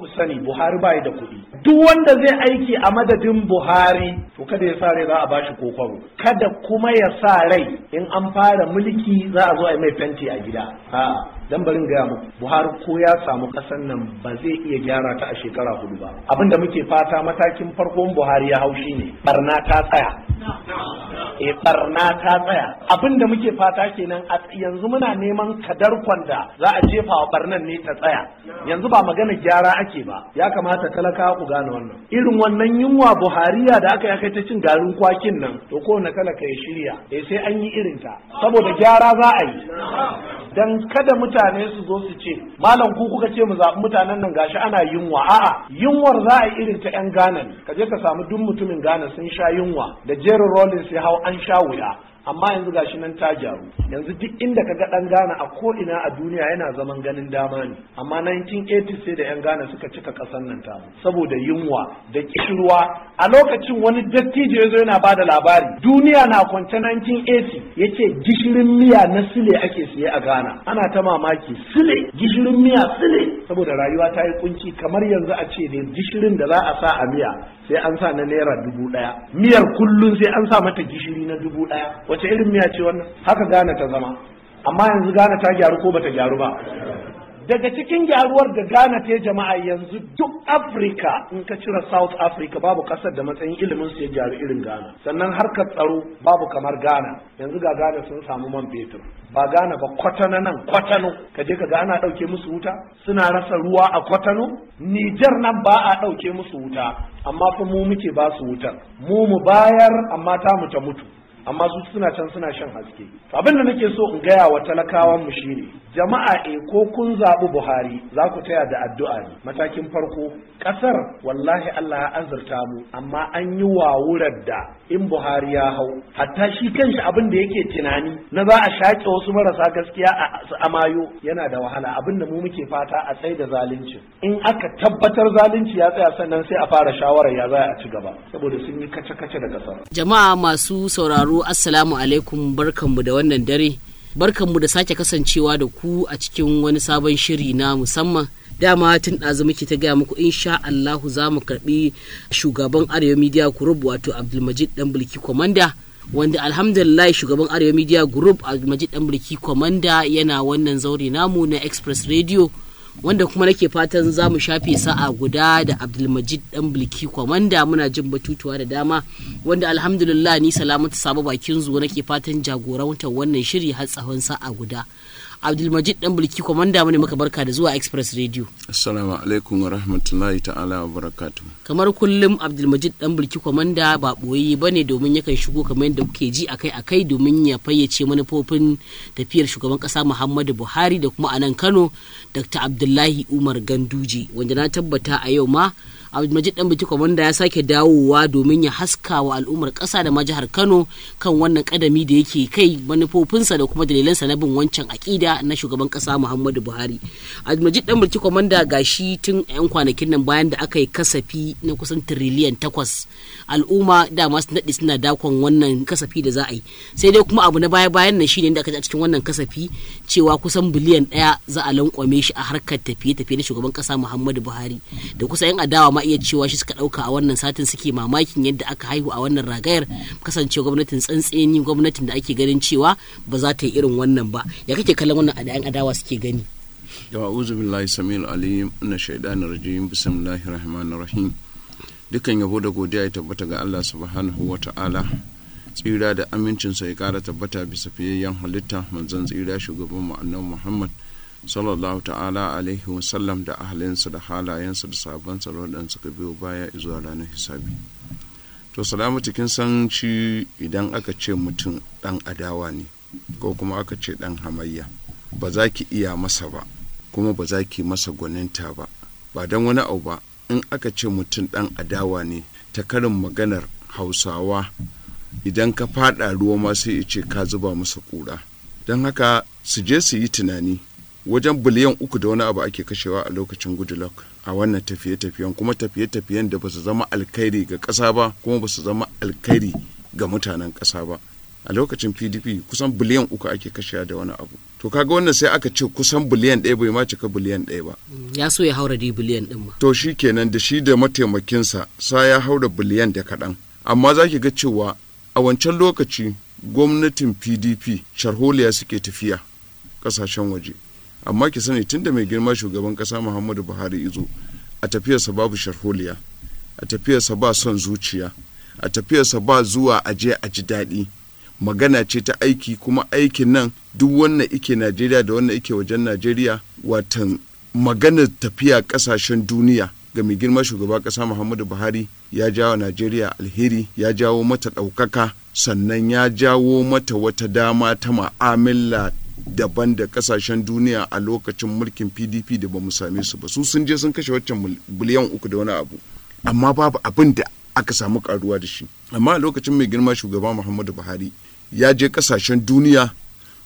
ku sani Buhari ba da kuɗi duk wanda zai aiki a madadin Buhari to kada ya sa rai za a ba shi kokaro kada kuma ya sa rai in an fara mulki za a zo a yi mai fenti a gida a'a dan barin gaya muku buhari ko ya samu kasan nan ba zai iya gyara ta a shekara hudu ba abinda muke fata matakin farkon buhari ya haushi ne barna ta tsaya eh barna ta tsaya abin da muke fata kenan a yanzu muna neman kadar kwanda za a jefa wa barnan ne ta tsaya yanzu ba magana gyara ake ba ya kamata talaka ku gane wannan irin wannan yunwa buhariya da aka yi ta cin garin kwakin nan to ko na talaka ya shirya e sai an yi irin ta saboda gyara za a yi dan kada mutane su zo su ce malam ku kuka ce mu zaɓi mutanen nan gashi ana yunwa a'a yunwar za a yi irin ta yan ganan, ka je ka samu duk mutumin gane sun sha yunwa da Jerry Rollins ya hau an sha wuya amma yanzu gashi nan ta jaru. yanzu duk inda ka ga dan Ghana a ko ina a duniya yana zaman ganin dama ne amma 1980 sai da yan Ghana suka cika kasan nan ta saboda yunwa da kishirwa a lokacin wani dattijo zo yana bada labari duniya na kwance 1980 yace gishirin miya na sile ake siye a Ghana ana ta mamaki sile gishirin miya sile saboda rayuwa ta yi kunci kamar yanzu a ce ne gishirin da za a sa a miya sai an sa na naira dubu daya miyar kullum sai an sa mata gishiri na dubu daya wace irin miya ce wannan haka gane ta zama amma yanzu gane ta gyaru ko bata gyaru ba daga cikin gyaruwar da gane ta jama'a yanzu duk afirka in ka cire south africa babu kasar da matsayin ilimin su ya gyaru irin ghana sannan harkar tsaro babu kamar ghana yanzu ga ghana sun samu man fetur ba ghana ba kwatano nan kwatano ka je ka ga ana ɗauke musu wuta suna rasa ruwa a kwatano nijar nan ba a ɗauke musu wuta amma fa mu muke ba su wutar mu mu bayar amma ta mu ta mutu amma su suna can suna shan haske abin da nake so in gaya wa talakawan mu shine jama'a eh ko kun zaɓi buhari za ku taya da addu'a ne matakin farko ƙasar wallahi allah ya azurta mu amma an yi wawurar da in Buhari ya hau hatta shi kanshi abin da yake tunani na za a shaƙe wasu marasa gaskiya a amayo yana da wahala abin da mu muke fata a tsaye da zalunci in aka tabbatar zalunci ya tsaya sannan sai a fara shawara ya za a ci gaba saboda sun yi kace-kace da kasar jama'a masu sauraro assalamu alaikum barkanmu da wannan dare barkanmu da sake kasancewa da ku a cikin wani sabon shiri na musamman dama tun ɗazu muke ta gaya muku insha Allahu za mu karɓi shugaban Arewa Media Group wato Abdulmajid Danbulki Komanda wanda alhamdulillah shugaban Arewa Media Group Abdulmajid Danbulki Komanda yana wannan zaure namu na Express Radio wanda kuma nake fatan za mu shafe sa'a guda da abdulmajid dan bilki kwamanda muna jin batutuwa da dama wanda alhamdulillah ni salamatu sabo bakin zuwa nake fatan jagorantar wannan shiri har tsawon sa'a guda abdulmajid dan bulki kwamanda mu ne muka barka da zuwa express radio assalamu alaikum wa rahmatullahi ta'ala wa barakatu kamar kullum abdulmajid dan bulki kwamanda ba boye bane domin yakan shigo kamar yadda kuke ji akai akai domin ya fayyace manufofin tafiyar shugaban kasa muhammadu buhari da kuma anan kano dr abdullahi umar ganduje wanda na tabbata a yau ma majid dan bitiko wanda ya sake dawowa domin ya haska wa al'ummar kasa da ma jihar kano kan wannan kadami da yake kai manufofinsa da kuma dalilansa na bin wancan akida na shugaban kasa muhammadu buhari majid dan bitiko wanda gashi tun yan kwanakin nan bayan da aka yi kasafi na kusan tiriliyan takwas al'umma dama sun naɗi suna dakon wannan kasafi da za a yi sai dai kuma abu na baya bayan nan shine da aka ji a cikin wannan kasafi cewa kusan biliyan ɗaya za a lankwame shi a harkar tafiye-tafiye na shugaban ƙasa muhammadu buhari da kusa yan adawa ma iya cewa shi suka ɗauka a wannan satin suke mamakin yadda aka haihu a wannan ragayar kasance gwamnatin tsantseni gwamnatin da ake ganin cewa ba za ta yi irin wannan ba ya kake kallon wannan da'an adawa suke gani yawa uzu billahi samil alim na shaidan rajim bismillahi rahmanir rahim dukkan yabo da godiya ya tabbata ga Allah subhanahu wa ta'ala tsira da amincinsa ya kara tabbata bisa fiyayyen halitta manzon tsira shugaban mu annabi Muhammad sallallahu ta'ala alaihi wasallam da ahalinsa da halayensa da sabon tsaron da suka biyo baya zuwa ranar hisabi to salamatu kin san idan aka ce mutum dan adawa ne ko kuma aka ce dan hamayya ba za ki iya masa ba kuma ba za ki masa gwaninta ba ba don wani abu ba in aka ce mutum dan adawa ne ta karin maganar hausawa idan ka fada ruwa ma sai ya ce ka zuba masa kura don haka su je su yi tunani wajen biliyan uku da wani abu ake kashewa a lokacin goodluck a wannan tafiye-tafiyen kuma tafiye-tafiyen da ba su zama alkhairi ga ƙasa ba kuma ba su zama alkhairi ga mutanen ƙasa ba a lokacin pdp kusan biliyan uku ake kashewa da wani abu to kaga wannan sai aka ce kusan biliyan ɗaya bai ma cika biliyan ɗaya ba ya so ya haura dai biliyan ɗin ma to shi kenan da shi da mataimakinsa sa ya haura biliyan da kaɗan amma za ki ga cewa a wancan lokaci gwamnatin pdp sharholiya suke tafiya ƙasashen waje amma ki sani tunda mai girma shugaban kasa muhammadu buhari izo a tafiyarsa babu sharholiya a tafiyarsa ba son zuciya a tafiyarsa ba zuwa aje a ji daɗi magana ce ta aiki kuma aikin nan duk wannan ike najeriya da wannan ike wajen najeriya watan maganar tafiya ƙasashen duniya ga mai girma shugaba ƙasa muhammadu buhari ya jawo najeriya alheri ya jawo mata ɗaukaka sannan ya jawo mata wata dama ta ma'amala daban da kasashen duniya a lokacin mulkin pdp da ba mu same su ba su sun je sun kashe waccan biliyan uku da wani abu amma babu abin da aka samu karuwa da shi amma a lokacin mai girma shugaba muhammadu buhari ya je kasashen duniya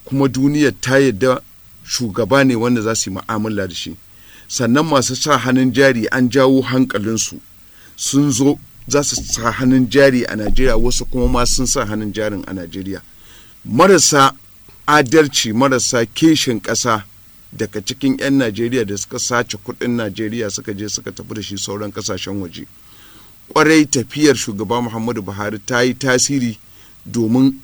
kuma duniya ta yadda shugaba ne wanda za su yi ma'amala da shi sannan masu sa hannun jari an jawo hankalinsu sun zo za su sa hannun jari a najeriya wasu kuma ma sun sa hannun jarin a najeriya marasa adalci marasa kishin ƙasa daga cikin 'yan najeriya da suka sace kudin najeriya suka je suka tafi da shi sauran kasashen waje kwarai tafiyar shugaba muhammadu buhari ta yi tasiri domin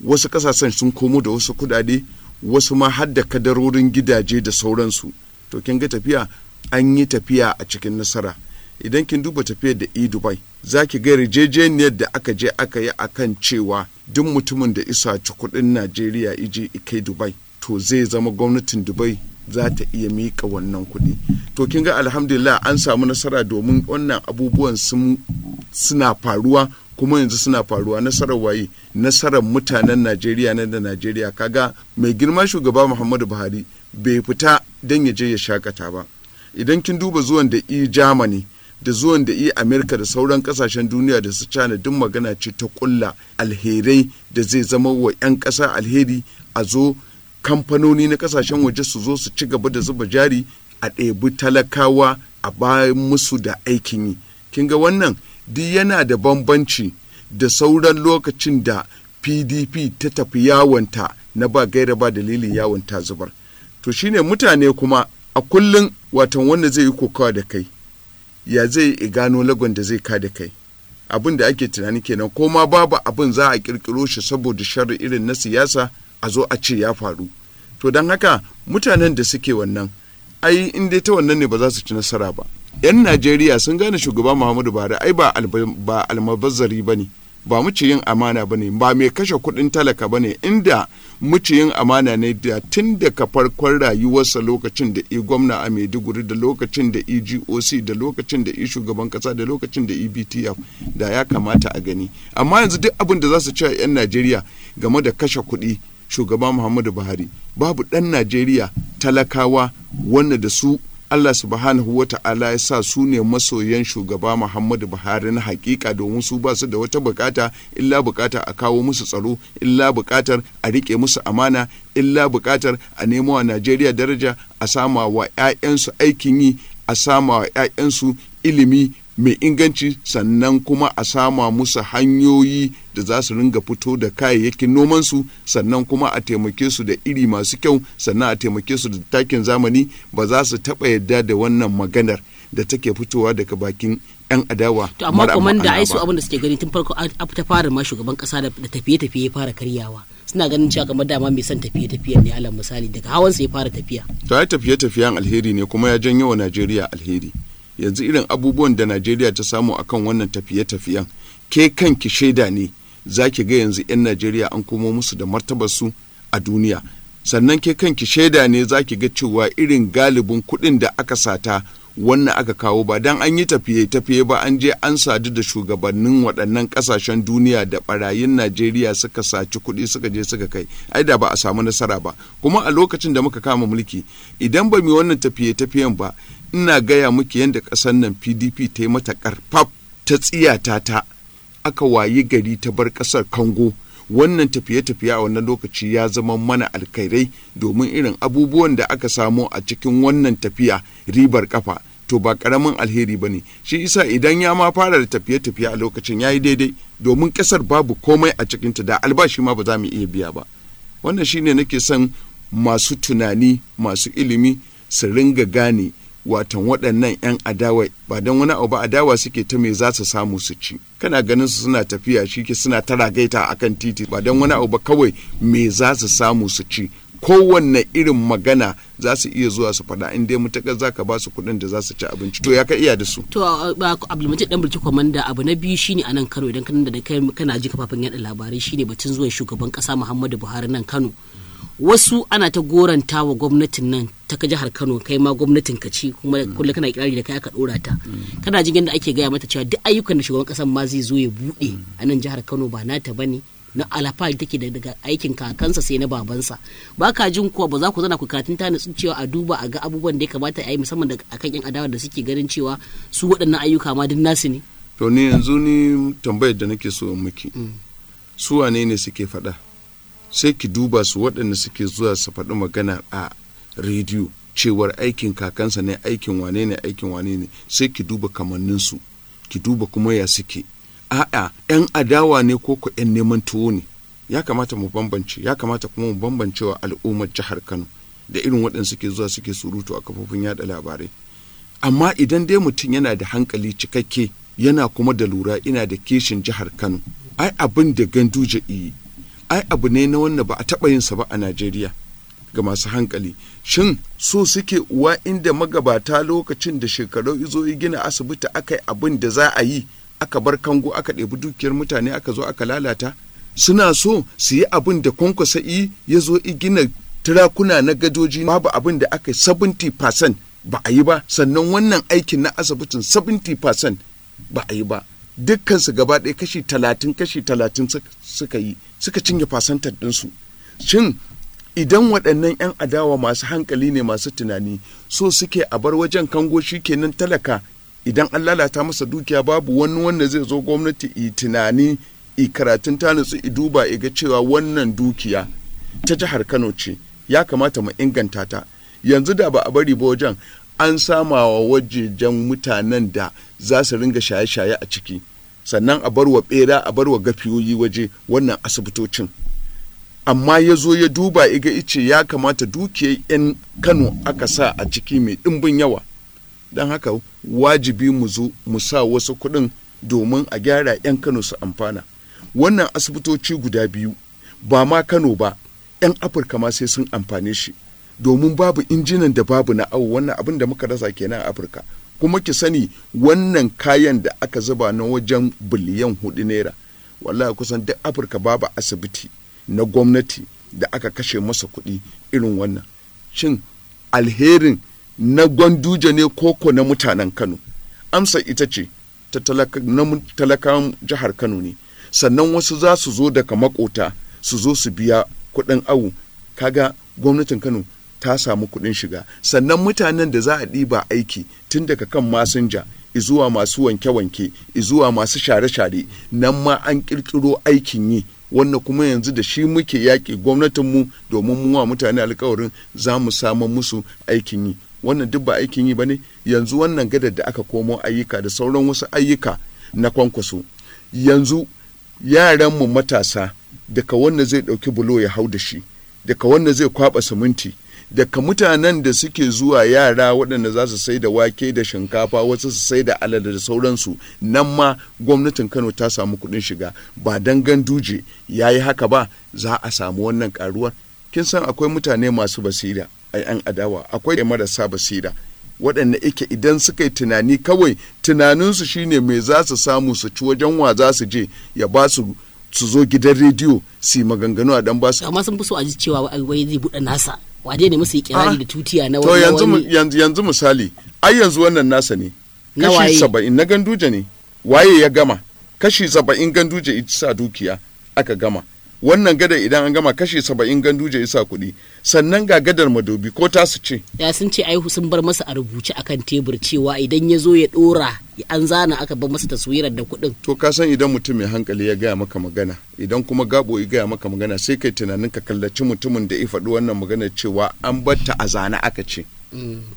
wasu ƙasashen sun komo da wasu kudade wasu ma har da kadarorin gidaje da sauransu to kin ga tafiya an yi tafiya a cikin nasara idan kin duba tafiyar da e dubai za ki ga yarjejeniyar da aka je aka yi a kan cewa duk mutumin da isa ci kudin najeriya ije kai dubai to zai zama gwamnatin dubai za ta iya mika wannan kuɗi to kin ga alhamdulillah an samu nasara domin wannan abubuwan suna faruwa kuma yanzu suna faruwa nasarar waye nasarar mutanen najeriya na da najeriya kaga mai girma shugaba muhammadu buhari bai fita don ya je ya shakata ba idan kin duba zuwan da i e germany da zuwan da iya amerika da sauran kasashen duniya da su cana duk magana ce ta kulla alherai da zai zama wa 'yan ƙasa alheri a zo kamfanoni na kasashen waje su zo su ci gaba da zuba jari a ɗebi talakawa a bayan musu da aikin yi kin ga wannan duk yana da bambanci da sauran lokacin da pdp ta tafi yawonta na ba gaira ba dalilin yawon zubar to shine mutane kuma a kullum watan wanda zai yi kokawa da kai ya zai gano lagon da zai kada kai abin da ake tunani kenan ko ma babu abin za a kirkiro shi saboda sharri irin na siyasa a zo a ce ya faru to don haka mutanen da suke wannan ai in dai ta wannan ne ba za su ci nasara ba yan najeriya sun gane shugaba muhammadu buhari ai ba almabazzari ba ne ba mu ci yin amana ba ne ba mai kashe kuɗin talaka ba ne inda muciyin amana ne da tun daga farkon rayuwarsa lokacin da i gwamna a maiduguri da lokacin da egoc da lokacin da i shugaban kasa da lokacin da ebtf da ya kamata a gani amma yanzu duk abin da za su ce a 'yan najeriya game da kashe kuɗi shugaba muhammadu buhari babu ɗan najeriya talakawa wanda da su Allah subhanahu wa ta'ala ya sa su ne masoyan shugaba Muhammadu Buhari na hakika domin su ba su da wata bukata illa bukata a kawo musu tsaro illa bukatar a rike musu amana illa bukatar a nemo a Najeriya daraja a sama wa 'ya'yansu aikin yi a sama wa 'ya'yansu ilimi mai inganci sannan kuma a sama musu hanyoyi da za su ringa fito da kayayyakin nomansu sannan kuma a taimake su da iri masu kyau sannan a taimake su da takin zamani ba za su taɓa yadda da wannan maganar da take fitowa daga bakin 'yan adawa to amma kuma da ai su abin da suke gani tun farko ta fara ma shugaban kasa da tafiye-tafiye fara karyawa suna ganin cewa kamar dama mai son tafiye-tafiye ne alal misali daga hawan ya fara tafiya to ya tafiye tafiyan alheri ne kuma ya janyo wa Najeriya alheri yanzu irin abubuwan da najeriya ta samu akan wannan tafiye-tafiyen ke ki shaida ne za ki ga yanzu 'yan najeriya an komo musu da martabarsu a duniya sannan ke kanki shaida ne za ki ga cewa irin galibin kuɗin da aka sata wannan aka kawo ba don an yi tafiye-tafiye ba an je an sadu da shugabannin waɗannan ƙasashen duniya da ɓarayin najeriya suka saci kuɗi suka je suka kai ai da ba a samu nasara ba kuma a lokacin da muka kama mulki idan ba mu wannan tafiye-tafiyen ba ina gaya muke yadda ƙasar nan pdp ta yi mata ƙarfaf ta tsiyata ta aka wayi gari ta bar ƙasar kango wannan tafiye-tafiye a wannan lokaci ya zama mana alkairai domin irin abubuwan da aka samu a cikin wannan tafiya ribar kafa to ba karamin alheri ba ne shi isa idan ya ma fara da tafiye-tafiye a lokacin ya yi daidai domin ƙasar babu komai a cikinta da albashi ma ba za mu iya biya ba wannan shine nake son masu tunani masu ilimi su ringa gane watan waɗannan 'yan adawa ba don wani abu ba adawa suke ta mai za su samu su ci kana ganin su suna tafiya shi ke suna ta ragaita a kan titi ba don wani abu ba kawai me za su samu su ci kowanne irin magana za su iya zuwa su faɗa in dai mutakar za ka ba su kuɗin da za su ci abinci to ya ka iya da su. to abdulmajid dan birki kwamanda abu na biyu shine a nan kano idan kana ji kafafen yaɗa labarai shine batun zuwan shugaban kasa muhammadu buhari nan kano wasu ana ta goranta wa gwamnatin nan ta ka jihar Kano kai ma gwamnatin ka ci kuma kullum kana kirari da kai aka dora ta kana jin yadda ake gaya mata cewa duk ayyukan da shugaban kasan ma zai zo ya bude a nan jihar Kano ba nata bane na alfahari take daga aikin kakansa sai na babansa ba ka jin kuwa ba za ku zana ku karatun ta nutsu cewa a duba a ga abubuwan da ya kamata a yi musamman da akan yan adawa da suke ganin cewa su waɗannan ayyuka ma duk nasu ne to ni yanzu ni tambayar da nake so miki mm. su wane ne suke faɗa sai ki duba su waɗanda suke zuwa su faɗi magana a rediyo cewar aikin kakansa ne aikin wane ne aikin wane ne sai ki duba kamanninsu ki duba kuma ya suke a'a yan adawa ne ko ku yan neman tuwo ne ya kamata mu bambance ya kamata kuma mu bambance wa al'ummar jihar Kano da irin waɗanda suke zuwa suke surutu a kafofin yaɗa labarai amma idan dai mutum yana da hankali cikakke yana kuma da lura ina da kishin jihar Kano ai abin da ganduje iyi ai abu ne na wanda ba a taɓa yin sa ba a Najeriya ga masu hankali shin so suke uwa inda magabata lokacin da shekaru izo yi gina asibiti aka yi abin da za a yi aka bar kango aka ɗebi dukiyar mutane aka zo aka lalata suna so su yi abin da kwankwasa yi ya zo yi gina turakuna na gadoji babu abin da aka yi 70% ba a yi ba sannan wannan aikin na asibitin 70% ba a yi ba dukkansu gaba ɗaya kashi talatin kashi talatin suka yi suka cinye fasantar ɗinsu shin idan waɗannan 'yan adawa masu hankali ne masu tunani so suke a bar wajen kango shi kenan talaka idan an lalata masa dukiya babu wani wanda zai zo gwamnati i tunani i karatun ta nutsu i duba i ga cewa wannan dukiya ta jihar kano ce ya kamata mu inganta ta yanzu da ba a bari ba wajen an samawa wa wajejen mutanen da za su ringa shaye-shaye a ciki sannan a bar wa bera a bar wa gafiyoyi waje wannan asibitocin amma ya zo ya duba iga ice ya kamata dukiyar 'yan kano aka sa a ciki mai ɗimbin yawa don haka wajibi mu zo mu sa wasu kuɗin domin a gyara 'yan kano su amfana wannan asibitoci guda biyu ba ma kano ba 'yan afirka ma sai sun amfane shi domin babu injinan da babu na awo wannan abin da muka rasa kenan a afirka kuma ki sani wannan kayan da aka zuba na wajen biliyan hudu naira wallahi kusan duk afirka babu asibiti na gwamnati da aka kashe masa kuɗi irin wannan shin alherin na gwanduje ne koko na mutanen kano amsa ita ce ta talakawan jihar kano ne sannan wasu za su zo daga makota su zo su biya kuɗin awu kaga gwamnatin kano ta samu kuɗin shiga sannan mutanen da za a ɗiba aiki tun daga kan masinja izuwa masu wanke-wanke izuwa masu share-share nan ma an ƙirƙiro aikin yi wannan kuma yanzu da shi muke yaƙi gwamnatinmu domin mu wa mutane alkawarin za mu samu musu aikin yi wannan duk ba aikin yi ba ne yanzu wannan gadar da aka komo ayyuka da sauran wasu ayyuka na kwankwaso yanzu yaranmu matasa daga wannan zai ɗauki bulo ya hau da shi daga wannan zai kwaɓa siminti daga mutanen da suke zuwa yara waɗanda za su sai da wake da shinkafa wasu su sai da alada da sauransu nan ma gwamnatin kano ta samu kuɗin shiga ba dan duje ya yi haka ba za a samu wannan karuwar kin san akwai mutane masu basira a yan adawa akwai marasa basira waɗanda ike idan suka yi tunani kawai tunaninsu shine mai za su samu su ci wajen wa za su je ya ba su su zo gidan rediyo su yi maganganu a dan ba su amma sun fi so a ji cewa wai zai buɗe nasa wade ne musu kirari ah. da tutiya na wani to yanzu misali ai yanzu wannan nasa ne kashi saba'in na ganduje ne waye ya gama kashi saba'in ganduje ita sa dukiya aka gama wannan gada idan an gama kashe saba'in gandu ganduje isa kuɗi sannan ga gadar madobi ko ta su ce ya sun ce aihu sun bar masa a rubuce a kan tebur cewa idan ya zo ya dora an zana aka bar masa taswirar da kuɗin to ka san idan mutum mai hankali ya gaya maka magana idan kuma gabo ya gaya maka magana sai kai tunanin ka kallaci mutumin da ya faɗi wannan magana cewa an bar ta a zana aka ce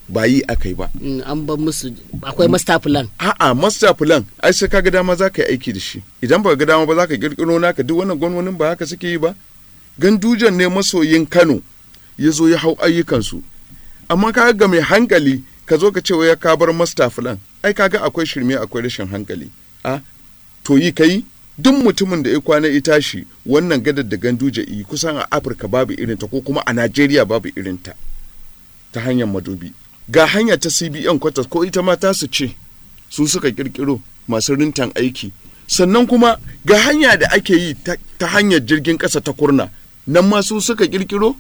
ba yi aka yi ba mm, an ban musu akwai master plan a'a master plan ai sai ga dama za ka yi aiki da shi idan ba ga dama ba za ka kirkiro naka duk wannan gwamnonin ba haka suke yi ba gandujan ne masoyin kano ya zo ya hau ayyukansu amma ka ga mai hankali ka zo ka ce ya ka bar master plan ai kaga akwai shirme akwai rashin hankali a to yi kai duk mutumin da ya kwana ya tashi wannan gadar da ganduje yi kusan a afirka babu irinta ko kuma a najeriya babu irinta ta hanyar madubi ga hanya ta cbn kwatas ko ita mata tasu ce su suka kirkiro masu rintan aiki sannan kuma ga hanya da ake yi ta hanyar jirgin ƙasa ta kurna nan ma su suka kirkiro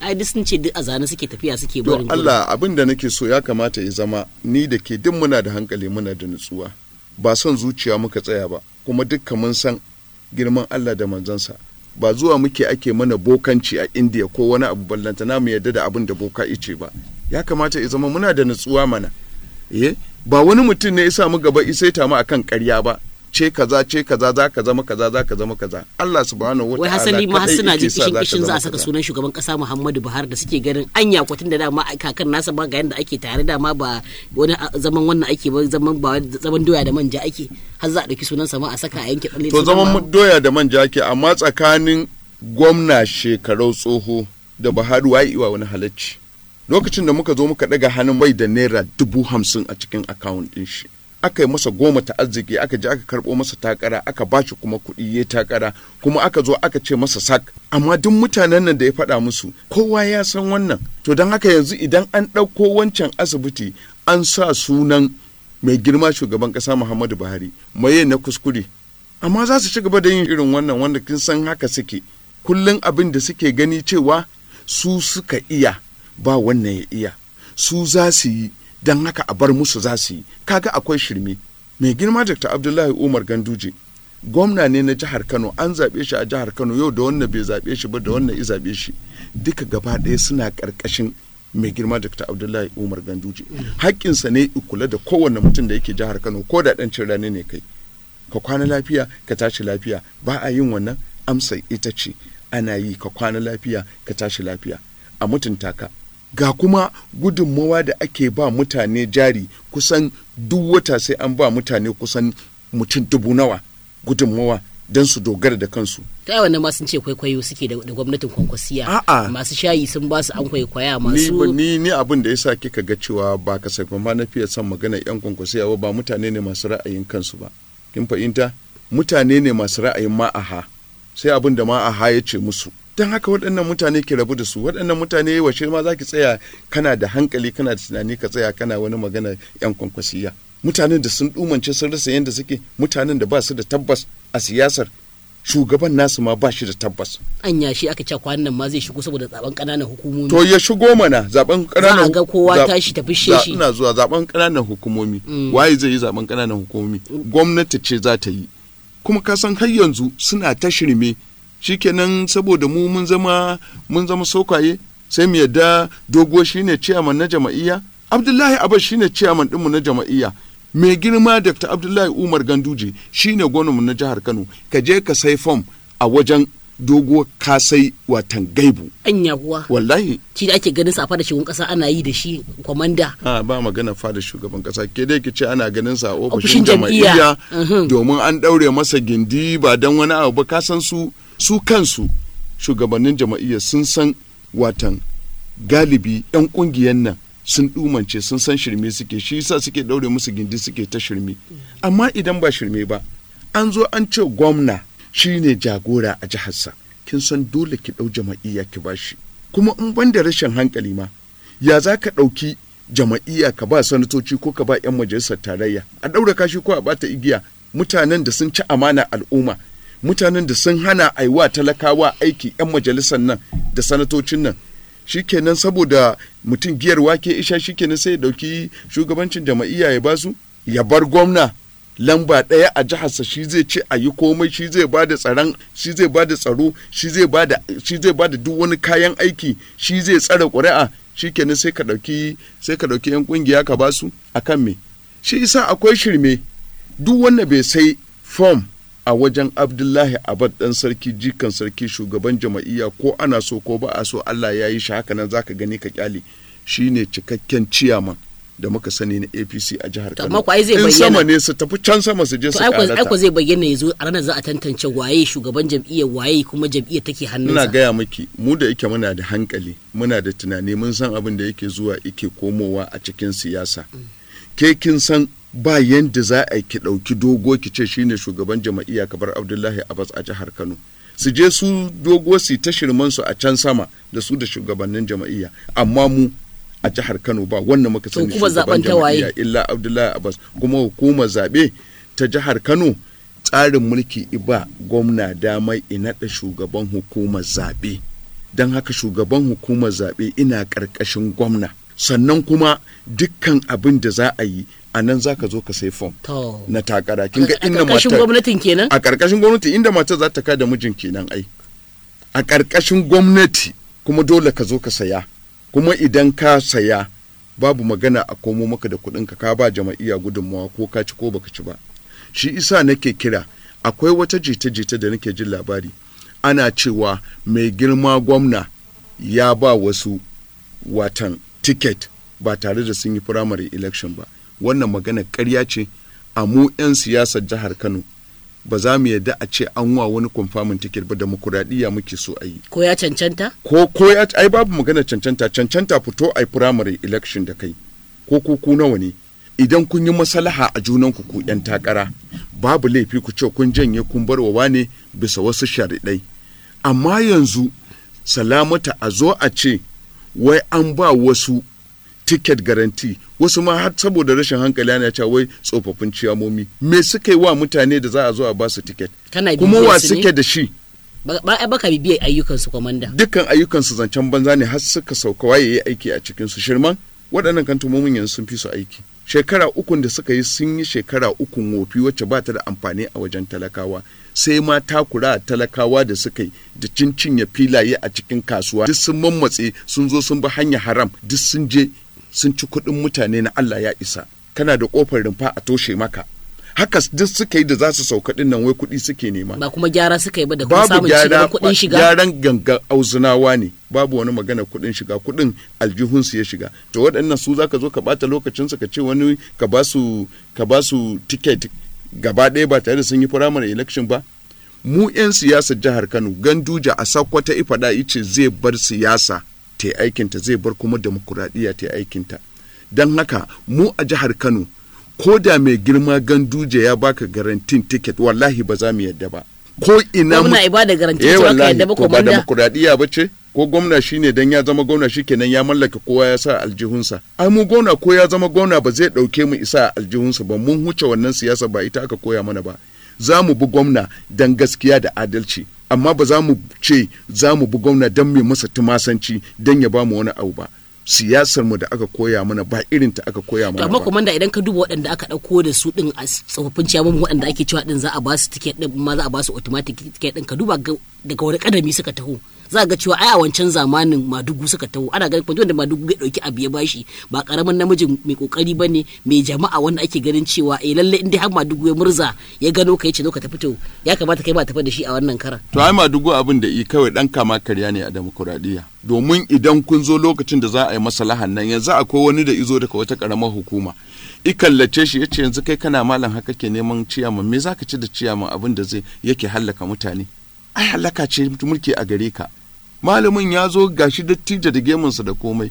ai duk sun ce duk a zane suke tafiya suke barin Allah abin da nake so ya kamata ya zama ni da ke duk muna da hankali muna da nutsuwa ba son zuciya muka tsaya ba kuma duk mun san girman Allah da manzansa ba zuwa muke ake mana bokanci a indiya ko wani abu ballanta na mu yadda da abin da boka ice ba ya kamata ya zama muna da natsuwa mana eh, ba wani mutum ne ya mu gaba isaita mu akan karya ba ce kaza ce kaza za ka zama kaza za ka zama kaza Allah subhanahu wa wai hasali ma suna jin kishin kishin za a saka sunan shugaban kasa Muhammadu Buhari da suke ganin anya kwatin da dama kakan nasa ba ga yanda ake tare da ma ba wani zaman wannan ake ba zaman ba zaman doya da manja ake har za a dauki sunan sa ma a saka a yanke dalilin to zaman doya da manja ake amma tsakanin gwamna shekarau tsoho da Buhari wai iwa wani halacci lokacin da muka zo muka daga hannun bai da naira dubu hamsin a cikin akawun din shi aka yi masa goma ta arziki aka je aka karbo masa takara aka ba shi kuma kuɗi ya takara kuma aka zo aka ce masa sak amma duk mutanen nan da ya faɗa musu kowa ya san wannan to don haka yanzu idan an ɗauko wancan asibiti an sa sunan mai girma shugaban ƙasa muhammadu buhari maye na kuskure amma za su ci gaba da yin irin wannan wanda kin san haka suke kullum abin da suke gani cewa su suka iya ba wannan ya iya su za su yi don haka a bar musu za su yi kaga akwai shirme mai girma Dr. Abdullahi Umar Ganduje gwamna ne na jihar Kano an zaɓe shi a jihar Kano yau da wannan bai zaɓe shi ba da wannan i zaɓe shi duka gaba ɗaya suna ƙarƙashin mai girma Dr. Abdullahi Umar Ganduje haƙƙinsa ne kula da kowanne mutum da yake jihar Kano ko da ɗancin rani ne kai ka kwana lafiya ka tashi lafiya ba a yin wannan amsa ita ce ana yi ka kwana lafiya ka tashi lafiya a mutunta ka ga kuma gudunmawa da ake ba mutane jari kusan duk wata sai an ba mutane kusan mutum dubu nawa gudunmawa don su dogara da kansu. Ta wannan ma sun ce kwaikwayo suke da gwamnatin kwankwasiya. A'a. Masu shayi sun ba su an kwaikwaya masu. Ni ni abin da sa kika ga cewa ba ka sakwa ma na fiye son magana yan kwankwasiya ba ba mutane ne masu ra'ayin kansu ba. Kin fahimta? Mutane ne masu ra'ayin ma'aha. Sai abin da ma'aha ya ce musu. don haka waɗannan mutane ke rabu da su waɗannan mutane wa shi ma za ki tsaya kana da hankali kana da tunani ka tsaya kana wani magana yan kwankwasiya mutanen da sun dumance sun rasa yadda suke mutanen da ba su da tabbas a siyasar shugaban nasu ma ba shi da tabbas. An yashi aka ce kwanan ma zai shigo saboda zaben ƙananan hukumomi. To ya shigo mana zaben ƙananan. Za a ga kowa tashi tafi shi Ina zuwa zaben ƙananan hukumomi. Mm. Waye zai yi zaben ƙananan hukumomi? Mm. Gwamnati ce za ta yi. Kuma ka san har yanzu suna ta shirme shikenan saboda mu mun zama mun zama sokaye sai mu yadda dogo shine ciyaman na jama'iyya abdullahi abbas shine ciyaman dinmu na jama'iyya mai girma dr abdullahi umar ganduje shine gwamnanmu na jihar kano ka je ka sai fom a wajen dogo ka sai watan gaibu an kuwa wallahi shi da ake ganin sa fada shugaban kasa ana yi da shi kwamanda a ba magana fada shugaban kasa ke dai ki ce ana ganin sa ofishin jama'iyya domin an daure masa gindi ba dan wani abu ba ka san su su kansu shugabannin jama'iyyar sun san watan galibi 'yan ƙungiyar nan sun ɗumance sun san shirme suke shi yasa suke ɗaure musu gindi suke ta shirme amma idan ba shirme ba an zo an ce gwamna shine jagora a jiharsa kin san dole ki ɗau jama'iyya ki bashi kuma in ban da rashin hankali ma ya za ka ɗauki jama'iyya ka ba sanatoci ko ka ba 'yan majalisar tarayya a ɗaura kashi ko a bata igiya mutanen da sun ci amana al'umma mutanen da sun hana aiwa talakawa aiki 'yan majalisar nan da sanatocin nan shikenan saboda mutum giyar wake isha shikenan sai ya dauki shugabancin jama'iyya ya basu ya bar gwamna lamba ɗaya a jiharsa shi zai ce a yi komai shi zai ba da tsaron shi zai ba da tsaro shi zai ba da duk wani kayan aiki shi zai tsare ƙuri'a shikenan sai ka ɗauki sai ka ɗauki 'yan ƙungiya ka basu akan me shi isa akwai shirme duk wanda bai sai fom. a wajen abdullahi abad dan sarki jikan sarki shugaban jama'iyya ko ana so ko ba a so allah ya yi shi haka nan ka gani ka kyale ne cikakken ciyaman da muka sani na apc a jihar kano in sama ne su tafi can sama su je su karata aiko zai bayyana yanzu a ranar za a tantance waye shugaban jam'iyyar waye kuma jam'iyyar take hannunsa ina gaya miki mu da yake muna da hankali muna da tunani mun san abin da yake zuwa yake komowa a cikin siyasa mm. ke kin san ba yadda za a ki ɗauki dogo ki ce shi ne shugaban jama'iyya kamar abdullahi abbas a jihar kano su je su dogo su ta shirman su a can sama da su da shugabannin jama'iyya amma mu a jihar kano ba wannan muka sani shugaban jama'iyya illa abdullahi abbas kuma hukumar zaɓe ta jihar kano tsarin mulki iba gwamna ina da shugaban hukumar zaɓe don haka shugaban hukumar zaɓe ina ƙarƙashin gwamna sannan kuma dukkan abin da za a yi a nan za ka zo ka sai fom na takara kin ga inda matar a gwamnatin kenan a karkashin gwamnati inda matar za ta kada mijin kenan ai a karkashin gwamnati kuma dole ka zo ka saya kuma idan ka saya babu magana a komo maka da kuɗin ka ka ba jama'iya gudunmawa ko ka ci ko baka ci ba shi isa nake kira akwai wata jita-jita da nake jin labari ana cewa mai girma gwamna ya ba wasu watan tiket ba tare da sun yi primary election ba wannan magana karya ce a mu 'yan siyasar jihar kano ba za mu yadda a ce an wa wani kwamfamin tiket ba da mukuraɗiya muke so a yi. Ko ya cancanta? Ko ya ai babu magana cancanta cancanta fito a primary election da kai ko ko ku nawa ne idan kun yi masalaha a junanku ku yan takara babu laifi ku ce kun janye kun bar wa wane bisa wasu shariɗai amma yanzu salamata a zo a ce wai an ba wasu ticket guarantee wasu ma har saboda rashin hankali ana cewa wai tsofaffin ciyamomi me suka yi wa mutane da za a zo a ba su ticket kuma wa suke da shi ba baka bibiya ayyukansu komanda dukkan ayyukansu zancen banza ne har suka sauka waye yi aiki a cikin su shirman waɗannan kantumomin yanzu sun fi su aiki shekara uku da suka yi sun yi shekara uku wofi wacce ba ta da amfani a wajen talakawa sai ma takura talakawa da suka yi da cincin ya filaye a cikin kasuwa duk sun mammatse sun zo sun bi hanya haram duk sun je sun ci kuɗin mutane na Allah ya isa kana da ƙofar rumfa a toshe maka haka duk suka yi da za su sauka ɗin nan wai kuɗi suke nema ba kuma gyara suka yi ba da kuma samun cigaba kuɗin shiga gyaran ganga auzunawa ne babu wani magana kuɗin shiga kuɗin aljihunsu ya shiga to waɗannan su zaka zo ka ɓata lokacinsa ka ce wani ka ba su ka ba su ticket gaba ɗaya ba tare da sun yi firamare election ba mu 'yan siyasar jihar kano ganduja a sakwata ifada ice zai bar siyasa ta aikinta zai bar kuma demokuraɗiyya ta aikinta don haka mu a jihar kano ko da mai girma ganduje ya baka garantin tiket wallahi ba za mu yadda ba ko ina mu ba da garantin eh, cewa ka yadda ba ko ba demokuraɗiyya ba ce ko gwamna shine dan ya zama gwamna shikenan ya mallaka kowa ya sa aljihunsa ai mu gwamna ko ya zama gwamna ba zai dauke mu isa aljihunsa ba mun huce wannan siyasa ba ita aka koya mana ba za mu bi gwamna dan gaskiya da adalci amma ba za mu ce za mu bi gwamna don mai masa tumasanci don ya ba mu wani abu ba siyasar mu da aka koya mana ba irin ta aka koya mana amma komanda idan ka duba waɗanda aka ɗauko da su din a tsofaffin mu waɗanda ake cewa din za a ba su tiket din ma za a ba su automatic tiket din ka duba daga wani kadami suka taho za ga cewa ai a wancan zamanin madugu suka taho ana ganin kwanci wanda madugu ya dauki abu ya bashi ba karamin namijin mai kokari bane mai jama'a wanda ake ganin cewa eh lalle in dai har madugu ya murza ya gano kai ce zo ka tafi to ya kamata kai ba tafi da shi a wannan karan to ai madugu abin da i kawai dan kama karya ne a demokradiyya domin idan kun zo lokacin da za a yi masalahan nan yanzu akwai wani da izo daga wata karamar hukuma i kallace shi yace yanzu kai kana malam haka ke neman ciyaman me zaka ci da ciyaman abin da zai yake hallaka mutane ai hallaka ce mulki a gare ka malamin ya zo gashi dattijo da gemun sa da komai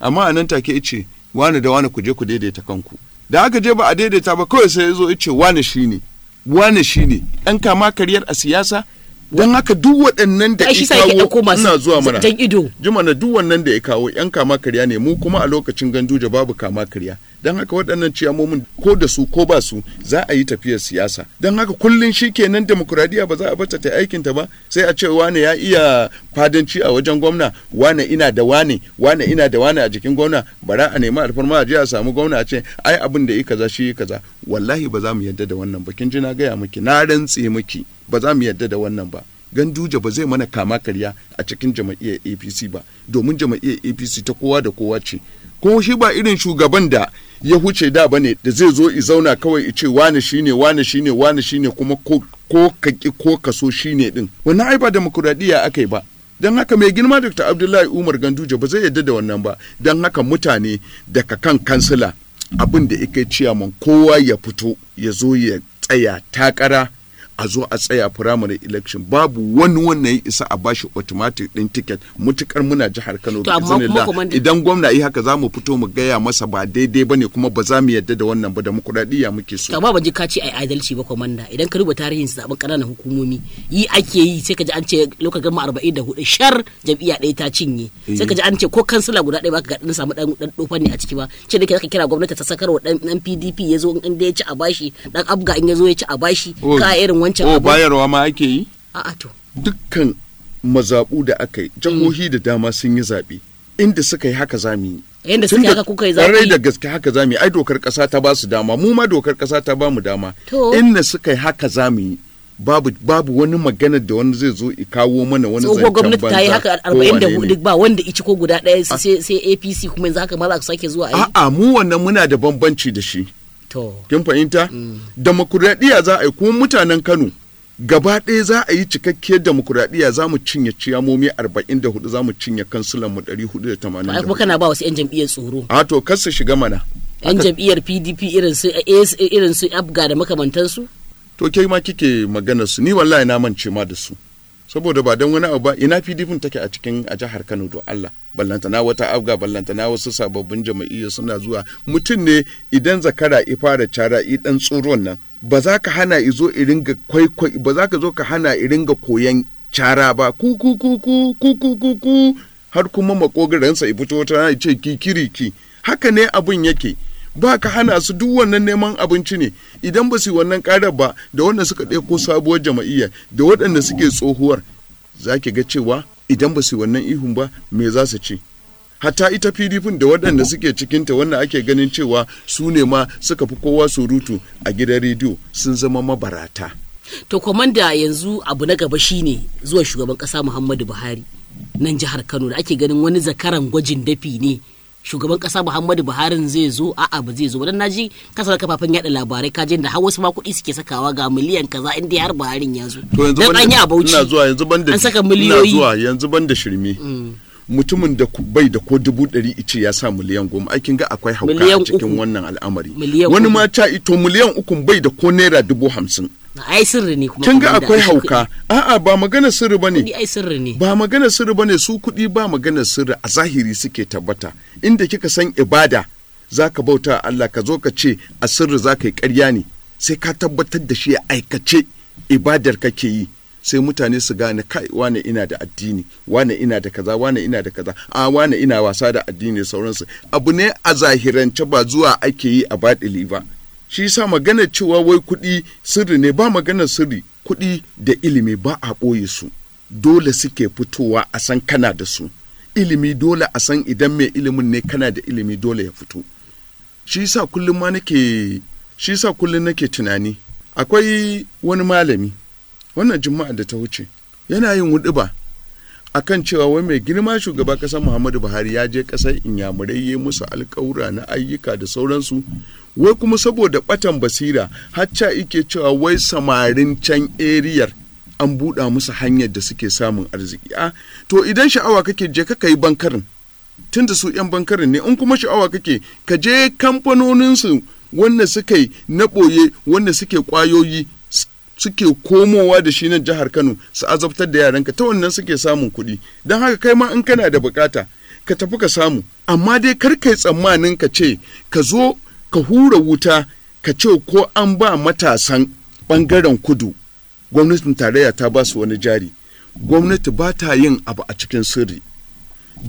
amma a nan take yace wani da wani ku je ku daidaita kanku da aka je ba a daidaita ba kawai sai ya zo ice wani shine wani shine ɗan kama karyar a siyasa don haka duk waɗannan da ya kawo ina zuwa mana jima na duk wannan da ya kawo yan kama karya ne mu kuma a lokacin ganduje babu kama karya don haka waɗannan ciyamomin ko da su ko ba su za a yi tafiyar siyasa don haka kullum shi kenan demokuraɗiyya ba za a bata ta aikin ta ba sai a ce wane ya iya fadanci a wajen gwamna wane ina da wane wane ina da wane a jikin gwamna bara a nemi alfarma a je a samu gwamna a ce ai abin da yi kaza shi yi kaza wallahi ba za mu yadda da wannan ba kin ji na gaya miki na rantse miki ba za mu yadda da wannan ba ganduje ba zai mana kama karya a cikin jama'iyyar apc ba domin jama'iyyar apc ta kowa da kowa ce ko shi ba irin shugaban da ya huce da bane da zai zo i zauna kawai i ce wane shine wane shine wane shine kuma ko ko ko ka so shine din wannan ai ba demokradiya akai ba don haka mai girma Dr. Abdullahi Umar Ganduje ba zai yadda da wannan ba don haka mutane daga kan kansila abin da ike ciyaman kowa ya fito ya zo ya tsaya takara a zo a tsaya firamare election babu wani wannan ya isa a bashi automatic din ticket mutukar muna jihar Kano da idan gwamna yi haka za mu fito mu gaya masa ba daidai bane kuma ba za mu yadda da wannan ba da mu ya muke so amma ban ji ka ce ai adalci ba komanda idan ka duba tarihin zaben kananan hukumomi yi ake yi sai ka ji an ce lokacin gama 44 shar jam'iyya ɗaya ta cinye eh. sai ka ji an ce ko kansila guda ɗaya ba ka ga dan samu dan dan dofan ne a ciki ba ce da ka kira gwamnati ta sakarwa dan PDP ya zo in da ya ci a bashi dan abga in ya ya ci a bashi oh. ka irin wancan o oh, bayarwa ma ake yi a'a to dukkan mazaɓu da aka yi jihohi da dama sun yi zaɓe inda suka yi haka mu yi suka yi haka kuka yi zaɓe da gaske haka mu yi ai dokar ƙasa ta ba su dama mu ma dokar ƙasa ta ba mu dama inda suka yi haka mu yi babu babu wani magana da wani zai zo i kawo mana wani zancen banza gwamnati ta yi haka 44 ba wanda ichi ko guda ɗaya sai APC kuma yanzu haka ma za ku sake zuwa a'a mu wannan muna da bambanci da shi kin fahimta mm. demokuraɗiyya za a yi kuma mutanen kano gaba ɗaya za a yi cikakkiyar demokuraɗiyya za mu cinye ciyamomi 44 za mu cinye kansulan mu 480 kuma kana ba wasu 'yan jam'iyyar tsoro a to kar su shiga mana 'yan jam'iyyar pdp irin su irin su abga da makamantansu to kai ma kike magana su ni wallahi na mance ma da su saboda ba don wani abu ba ina pdp take a cikin a jihar kano do allah ballantana wata afga ballantana wasu sababbin jama'iyya suna zuwa mutum ne idan zakara i fara cara i dan tsoron nan ba za ka hana izo iringa kwaikwai ba za ka zo ka hana iringa koyan cara ba ku ku ku ku ku ku ku ku har kuma makogaransa ya fito wata rana ce kikiriki haka ne abun yake ba ka hana su duk wannan neman abinci ne idan ba su wannan karar ba da wannan suka ɗauko sabuwar jama'iyya da waɗanda suke tsohuwar za ki ga cewa idan ba su wannan ihun ba me za su ci hatta ita pdp da waɗanda suke cikinta wannan ake ganin cewa su ne ma suka fi kowa surutu a gidan rediyo sun zama mabarata to komanda yanzu abu na gaba shine zuwa shugaban ƙasa muhammadu buhari nan jihar kano da ake ganin wani zakaran gwajin dafi ne shugaban kasa muhammadu buhari zai zo a'a ba zai zo ba na ji kasar kafafen yada labarai kaje da har wasu ma kuɗi suke sakawa ga miliyan kaza inda har buhari ya zo dan an yi abauci ina zuwa yanzu ban da saka miliyoyi zuwa yanzu ban da shirme mm. mutumin da bai da ko dubu ɗari ice ya sa miliyan goma aikin ga akwai hauka a cikin wannan al'amari wani ma ta ito miliyan uku bai da ko naira dubu hamsin ai sirri ne kuma kin ga akwai hauka a'a ba magana sirri bane ai sirri ne ba magana sirri bane su kuɗi ba magana sirri a zahiri suke tabbata inda kika san ibada zaka bauta Allah ka zo ka ce a sirri zaka yi ƙarya ne sai ka tabbatar da shi a aikace ibadar kake yi sai mutane su gane kai wane ina da addini wane ina da kaza wane ina da kaza a wane ina wasa da addini sauransu abu ne a zahirance ba zuwa ake yi a baɗili ba shi yasa magana cewa wai kuɗi sirri ne ba magana sirri kuɗi da ilimi ba a ɓoye su dole suke fitowa a san kana da su ilimi dole a san idan mai ilimin ne kana da ilimi dole ya fito shi yasa kullum ma nake shi yasa kullum nake tunani akwai wani malami wannan juma'a da ta wuce yana yin ba. akan cewa wai mai girma shugaba kasar muhammadu buhari ya je kasar inyamurai ya musu alkawura na ayyuka da sauransu wai kuma saboda batan basira hacca ike cewa wai samarin can eriyar an buɗa musu hanyar da suke samun arziki a ah, to idan sha'awa kake je ka yi bankarin tun da su 'yan bankarin ne in kuma sha'awa kake ka je kamfanoninsu wanda suka yi na ɓoye wanda suke ƙwayoyi suke komowa da shi nan jihar Kano su azabtar da yaranka ta wannan suke samun kuɗi don haka kai ma in kana da bukata ka tafi ka samu amma dai kar kai tsammanin ka ce ka zo ka hura wuta ka ce ko an ba matasan bangaren kudu gwamnatin tarayya ta ba su wani jari gwamnati ba ta yin abu a cikin sirri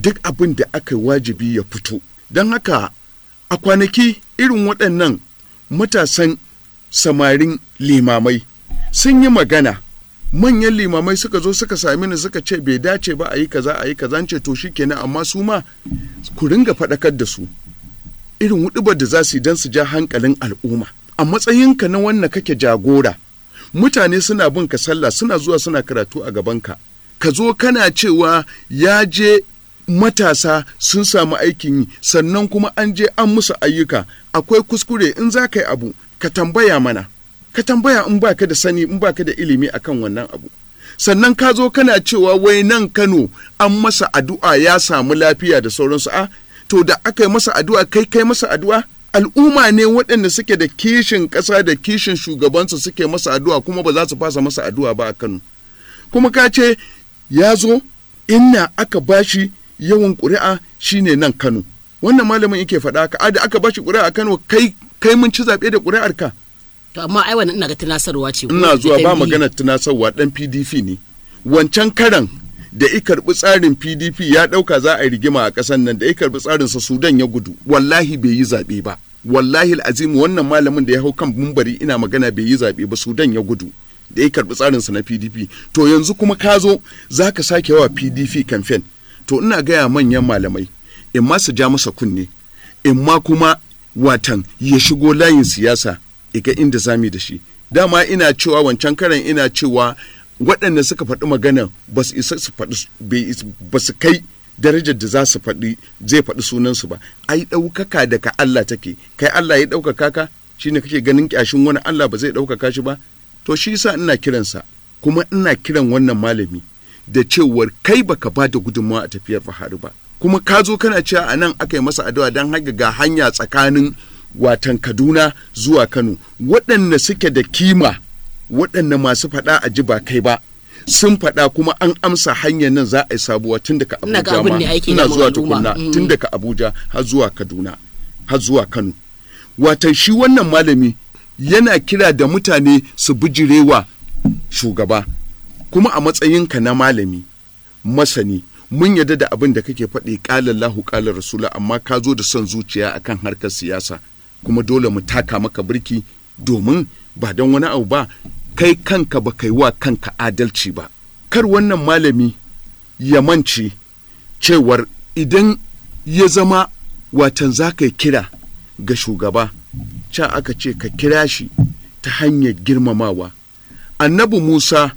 duk abin da aka wajibi ya fito don haka a kwanaki irin waɗannan matasan samarin limamai sun yi magana manyan limamai suka zo suka sami ni suka ce bai dace ba a yi kaza a yi kaza ce to shi kenan amma su ma ku ringa faɗakar da su irin wuɗubar da za su yi don su ja hankalin al'umma a matsayinka na wannan kake jagora mutane suna bin ka sallah suna zuwa suna karatu a gabanka ka zo kana cewa ya je matasa sun samu aikin yi sannan kuma an je an musu ayyuka akwai kuskure in za ka yi abu ka tambaya mana ka tambaya in baka da sani in baka da ilimi akan wannan abu sannan ka zo kana cewa wai nan Kano an masa addu'a ya samu lafiya da sauransu a ah, to da aka yi masa addu'a kai kai masa addu'a al'umma ne waɗanda suke da kishin ƙasa da kishin shugabansu suke masa addu'a kuma ba za su fasa masa addu'a ba a Kano kuma ka ce ya zo inna aka bashi yawan ƙuri'a shine nan Kano wannan malamin yake faɗa ka ah, da aka bashi ƙuri'a a Kano kai kai mun ci zaɓe da ƙuri'ar ka to amma ai wannan ina ga tunasarwa ce ina zuwa ba magana tunasarwa dan PDP ne wancan karan da i karbi tsarin PDP ya dauka za a rigima a kasan nan da i karbi tsarin sa Sudan ya gudu wallahi bai yi zabe ba wallahi al'azim wannan malamin da ya hau kan mumbari ina magana bai yi zabe ba Sudan ya gudu da ya karbi tsarin sa na PDP to yanzu kuma ka zo zaka sake wa PDP campaign to ina gaya manyan malamai in ma su ja masa kunne in ma kuma watan ya shigo layin siyasa iga inda zami da shi dama ina cewa wancan karan ina cewa waɗanda suka faɗi magana ba su isa su faɗi ba su kai darajar da za su faɗi zai faɗi sunansu ba ai ɗaukaka da daga Allah take kai Allah ya ɗaukaka ka shine kake ganin ƙyashin wani Allah ba zai ɗaukaka shi ba to shi yasa ina kiransa kuma ina kiran wannan malami da cewar kai baka ba da gudunmawa a tafiyar Fahari ba kuma ka zo kana cewa a nan aka yi masa addu'a don haka ga hanya tsakanin watan kaduna zuwa kano waɗanda suke da kima waɗanda masu faɗa a ji ba kai ba sun faɗa kuma an amsa hanyar nan za a yi sabuwa tun daga abuja ma ina zuwa tukunna mm-hmm. tun daga abuja har zuwa kaduna har zuwa kano watan shi wannan malami yana kira da mutane su bijirewa shugaba kuma a matsayinka na malami masani mun yarda da abin da kake faɗi ƙalallahu ƙalar rasula amma ka zo da son zuciya akan harkar siyasa kuma dole mu taka maka birki domin ba don wani abu ba kai kanka ba kai wa kanka adalci ba kar wannan malami ya mance cewar idan ya zama watan za ka kira ga shugaba ca aka ce ka kira shi ta hanyar girmamawa annabi musa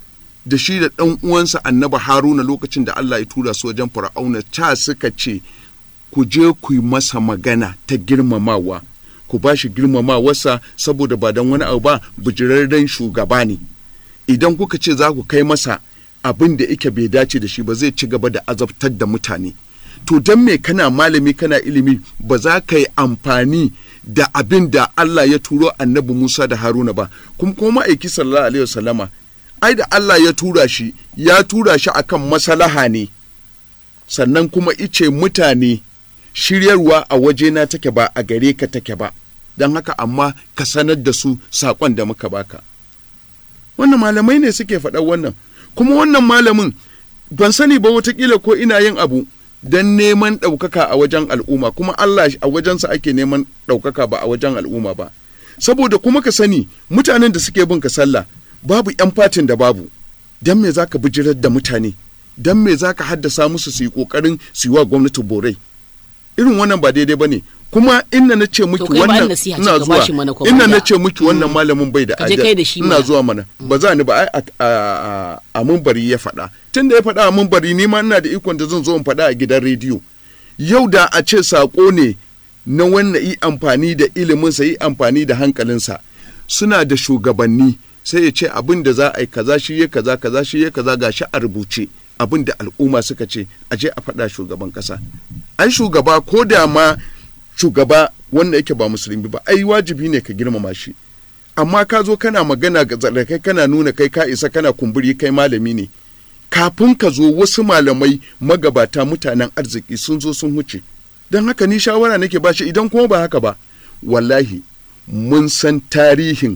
da shi da ɗan uwansa annabi haruna lokacin da allah ya tura su wajen fara'auna, ca suka ce ku je ku yi masa magana ta girmamawa ku ba shi girmamawarsa saboda ba don wani abu ba bijirarren shugaba ne idan kuka ce za ku kai masa abin da ike bai dace da shi ba zai ci gaba da azabtar da mutane to don me kana malami kana ilimi ba za ka yi amfani da abin da Allah ya turo annabi Musa da Haruna ba kuma kuma ma'aiki sallallahu alaihi wasallama ai da Allah ya tura shi ya tura shi akan masalaha ne sannan kuma ice mutane shiryarwa a wajena take ba a gare ka take ba don haka amma ka sanar da su saƙon da muka baka wannan malamai ne suke faɗar wannan kuma wannan malamin ban sani ba watakila ko ina yin abu don neman ɗaukaka a wajen al'umma kuma Allah a wajensa ake neman ɗaukaka ba a wajen al'umma ba saboda kuma ka sani mutanen da suke bin ka sallah babu 'yan fatin da babu don me za ka bijirar da mutane don me za ka haddasa musu su yi ƙoƙarin su yi wa gwamnati borai irin wannan ba daidai ba ne kuma ina na ce muku wannan ina zuwa ina na ce muku mm. wannan malamin bai da ajiya ina zuwa mana mm. ba za ni ba a mumbari ya faɗa tun da ya faɗa a mumbari ni ma ina da ikon da zan zo in faɗa a gidan rediyo yau da a ce sako ne na wannan yi amfani da iliminsa yi amfani da hankalinsa suna da shugabanni sai ya ce abin da za a yi kaza shi ya kaza kaza shi ya kaza gashi a rubuce abin da al'umma suka ce a je a faɗa shugaban ƙasa ai shugaba ko da ma shugaba wanda yake ba musulmi ba ai wajibi ne ka girmama shi amma ka zo kana magana ga kai kana nuna kai ka isa kana kumburi kai malami ne kafin ka zo wasu malamai magabata mutanen arziki sun zo sun huce don haka ni shawara nake ba shi, idan kuma ba haka ba wallahi mun san tarihin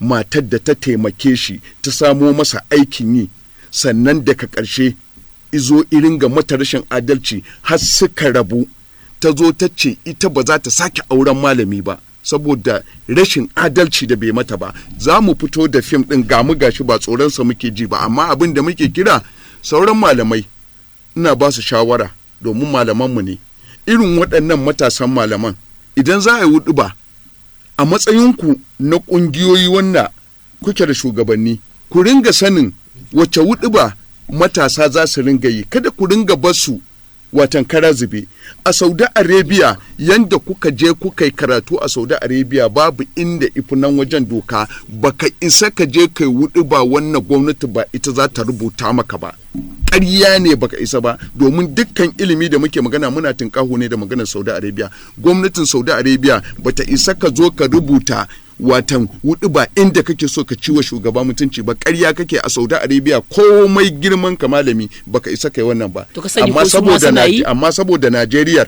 matar da ta taimake shi ta samo masa aikin yi sannan daga ƙarshe izo irin ga mata rashin adalci har suka rabu ta zo ta ce ita ba za ta sake auren malami ba saboda rashin adalci da bai mata ba za mu fito da fim ɗin gamu gashi ba tsoronsa muke ji ba amma abin da muke kira sauran malamai ina ba su shawara domin mu ne irin waɗannan matasan malaman idan za a yi wuɗu ba a matsayinku na ƙungiyoyi wanda kuke da shugabanni ku ringa sanin wace ba matasa za su ringa yi kada ku ringa basu watan kara zube a saudi arabia yanda kuka je kuka yi karatu a saudi arabia babu inda ifunan wajen doka baka isa ka je kai wuɗu ba wannan gwamnati ba ita za ta rubuta maka ba ƙarya ne baka isa ba domin dukkan ilimi da muke magana muna tunƙaho ne da maganar saudi arabia gwamnatin saudi arabia bata isa ka zo ka rubuta watan wudu ba inda kake so ka ciwo shugaba mutunci ba ƙarya kake a Saudi Arabia komai girman ka malami baka isa kai wannan ba amma saboda amma saboda Najeriya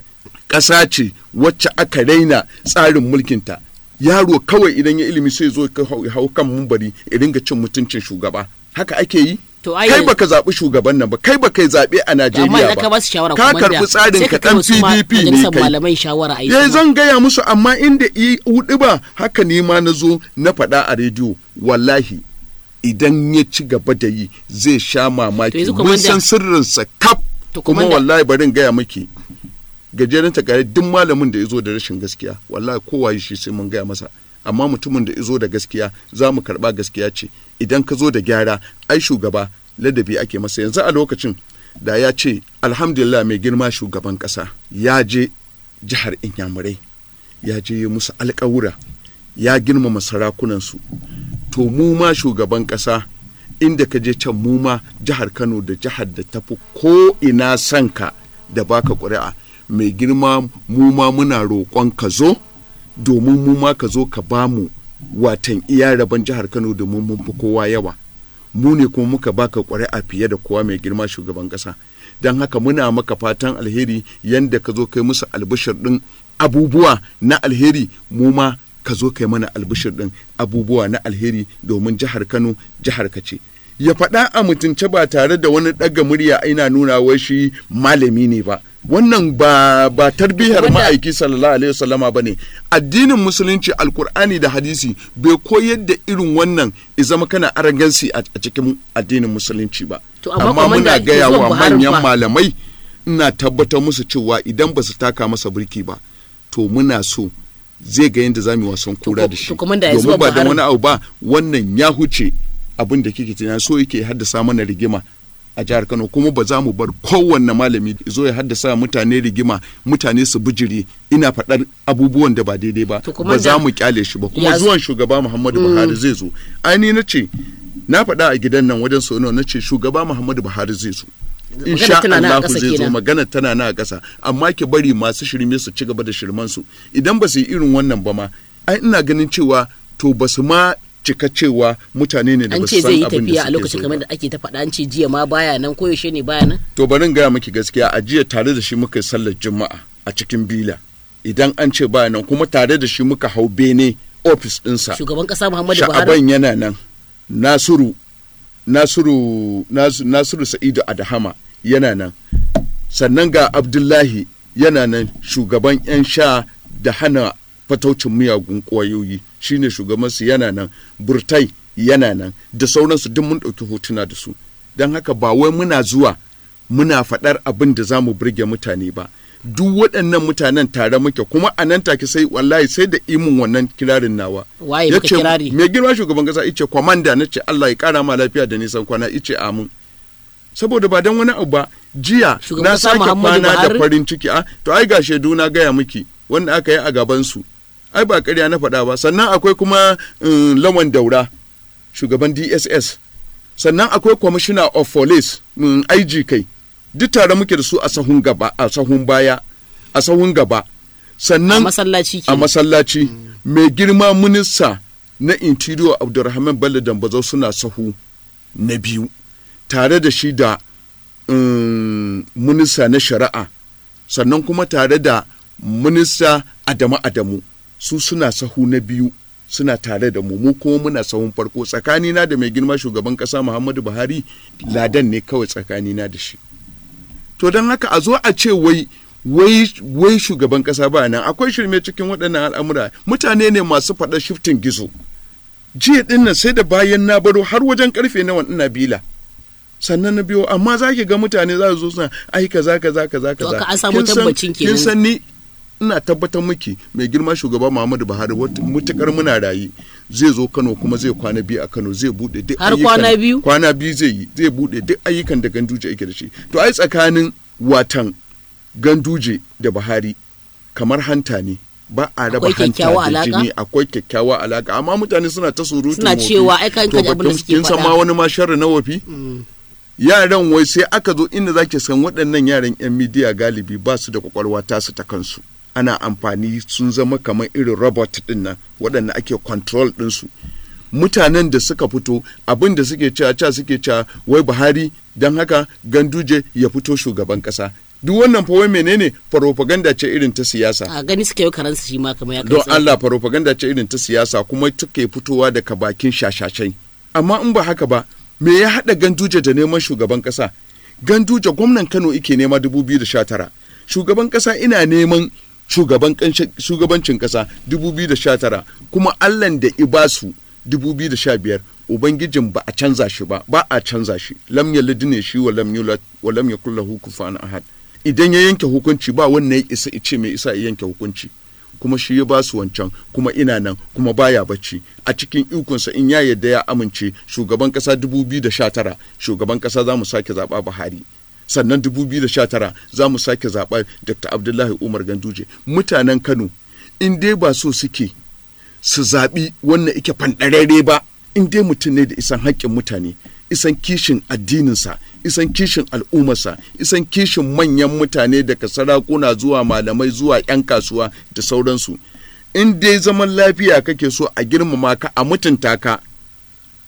ƙasa ce wacce aka raina tsarin mulkinta yaro kawai idan ya ilimi sai zo ka hau kan mumbari ya ringa cin mutuncin shugaba haka ake yi kai baka zaɓi shugaban nan ba kai baka zaɓe a Najeriya ba ka karbi tsarin ka dan PDP ne kai yayi eh, zan gaya musu amma inda i hudu ba haka ne ma na na faɗa a rediyo wallahi idan ya ci gaba da yi zai sha mamaki mun san sirrinsa kaf kuma wallahi barin gaya miki gajeren takare duk malamin da ya zo da rashin gaskiya wallahi kowa shi sai mun gaya masa amma mutumin da ya da gaskiya za mu karɓa gaskiya ce idan ka zo da gyara ai shugaba ladabi ake masa yanzu a lokacin da ya ce alhamdulillah mai girma shugaban ƙasa ya je jihar inyamurai ya je yi musu alƙawura ya girmama sarakunansu to mu ma shugaban ƙasa inda ka je can mu ma jihar kano da jihar da tafi ko ina sanka da baka ƙuri'a mai girma mu ma muna roƙon ka zo domin mu ma ka zo ka ba mu watan iya rabon jihar kano domin mun fi kowa yawa mu ne kuma muka baka a fiye da kowa mai girma shugaban ƙasa don haka muna maka fatan alheri yanda ka zo kai musu albishir ɗin abubuwa na alheri mu ma ka zo kai mana albishir ɗin abubuwa na alheri domin jihar kano jihar ka ce ya faɗa a mutunce ba tare da wani ɗaga murya ina nuna wai shi malami ne ba wannan ba ba tarbiyar ma'aiki sallallahu alaihi wasallama bane addinin musulunci alkur'ani da hadisi bai koyar da irin wannan ya zama kana aragansi a cikin addinin musulunci ba amma muna gaya wa manyan malamai ina tabbatar musu cewa idan ba su taka masa birki ba to muna so zai ga yadda zamu wasan kura da shi domin ba da wani abu ba wannan ya huce abin da kike tunani so yake haddasa mana rigima a jihar Kano kuma ba za mu bar kowanne malami zo ya haddasa mutane rigima mutane su bijiri ina faɗar abubuwan da ba daidai ba ba za mu kyale shi ba kuma zuwan shugaba Muhammadu mm. Buhari zai zo ainihin na ce na faɗa a gidan nan wajen sono na ce shugaba Muhammadu Buhari zai zo insha Allah zai zo magana tana na a ƙasa amma ki bari masu shirme su ci gaba da shirman su idan ba su yi irin wannan ba ma ai ina ganin cewa to ba su ma cika cewa mutane ne da ba su san abin da suke so. An ce zai yi tafiya a lokacin kamar da ake ta faɗa an ce jiya ma baya nan yaushe ne baya nan. To bari in gaya miki gaskiya a jiya tare da shi muka sallar juma'a a cikin bila idan an ce baya nan kuma tare da shi muka hau bene ofis dinsa. Shugaban ƙasa Muhammadu Buhari. Sha'aban yana nan Nasiru Nasiru Nasiru Sa'idu Adahama yana nan sannan ga Abdullahi yana nan shugaban 'yan sha da hana fataucin miyagun ƙwayoyi shine shugabansu yana nan burtai yana nan da sauransu duk mun ɗauki hotuna da su don haka ba wai muna zuwa muna faɗar abin da za mu burge mutane ba duk waɗannan mutanen tare muke kuma a nan take sai wallahi sai da imin wannan kirarin nawa waye kirari me girma shugaban kasa ice kwamanda na ce Allah ya kara ma lafiya da nisan kwana ice amin saboda ba dan wani abu ba jiya na sake kwana da farin ciki a ah, to ai ga shaidu na gaya miki wanda aka yi a gaban su ai ba ƙarya na faɗa ba sannan akwai kuma mm, lawan daura shugaban dss sannan akwai commissioner of police mm, ig kai duk tare muke da su a sahun gaba a sahun baya a sahun gaba sannan a masallaci mm. mai girma minista na interior abdulrahman bello dambazo suna sahu na biyu tare da shi da minista na shari'a sannan kuma tare da minista adamu adamu su suna sahu na biyu suna tare da mu mu kuma muna sahun farko tsakanina da mai girma shugaban kasa muhammadu buhari ladan ne kawai tsakanina da shi to don haka a zo a ce wai wai shugaban kasa ba nan akwai shirme cikin waɗannan al'amura mutane ne masu faɗa shiftin gizo jiya dinnan sai da bayan na baro har wajen karfe nawa ina bila sannan na biyo amma za ki ga mutane za su zo suna ai kaza kaza kaza kaza kin san ni ina tabbatar miki mai girma shugaba Muhammadu Buhari mutukar muna rayi zai zo Kano kuma zai kwana biyu a Kano zai bude duk har kwana biyu kwana biyu zai yi zai bude duk ayyukan da Ganduje yake da shi to ai tsakanin watan Ganduje da Buhari kamar hanta ne ba a raba hanta da jini akwai kyakkyawa alaka amma mutane suna ta surutu suna cewa ai kan kaji abin da suke faɗa san ma wani ma sharri na wafi mm. yaran wai sai aka zo inda zake san waɗannan yaran yan midiya galibi ba su da kwakwalwa tasu ta kansu ana amfani sun zama kamar irin robot din nan waɗanda ake control ɗinsu mutanen da suka fito abin da suke cewa cewa suke cewa wai buhari don haka ganduje ya fito shugaban ƙasa duk wannan fa wai menene farofaganda ce irin ta siyasa a gani suke yi karansu shi ma kamar ya don Allah farofaganda ce irin ta siyasa kuma take fitowa daga bakin shashashai amma in ba haka ba me ya hada ganduje da neman shugaban kasa ganduje gwamnan Kano ike nema 2019 shugaban ƙasa ina neman shugabancin kasa 2019 kuma allan da ibasu 2015 ubangijin ba a canza shi ba ba a canza shi lam yalid ne shi wa lam wa lamya ahad idan ya yanke hukunci ba wannan ya isa ice mai isa ya yanke hukunci kuma shi ya basu wancan kuma ina nan kuma baya bacci a cikin ikonsa in ya yadda ya amince shugaban kasa 2019 shugaban ƙasa za mu sake zaɓa Buhari sannan 2019 za mu sake zaɓa dr abdullahi umar ganduje mutanen kano in dai ba so suke su zaɓi wannan ike fanɗararre ba in dai mutum ne da isan haƙƙin mutane isan kishin addininsa isan kishin al'ummarsa isan kishin manyan mutane daga sarakuna zuwa malamai zuwa 'yan kasuwa da sauransu in dai zaman lafiya kake so a girmama ka a mutunta ka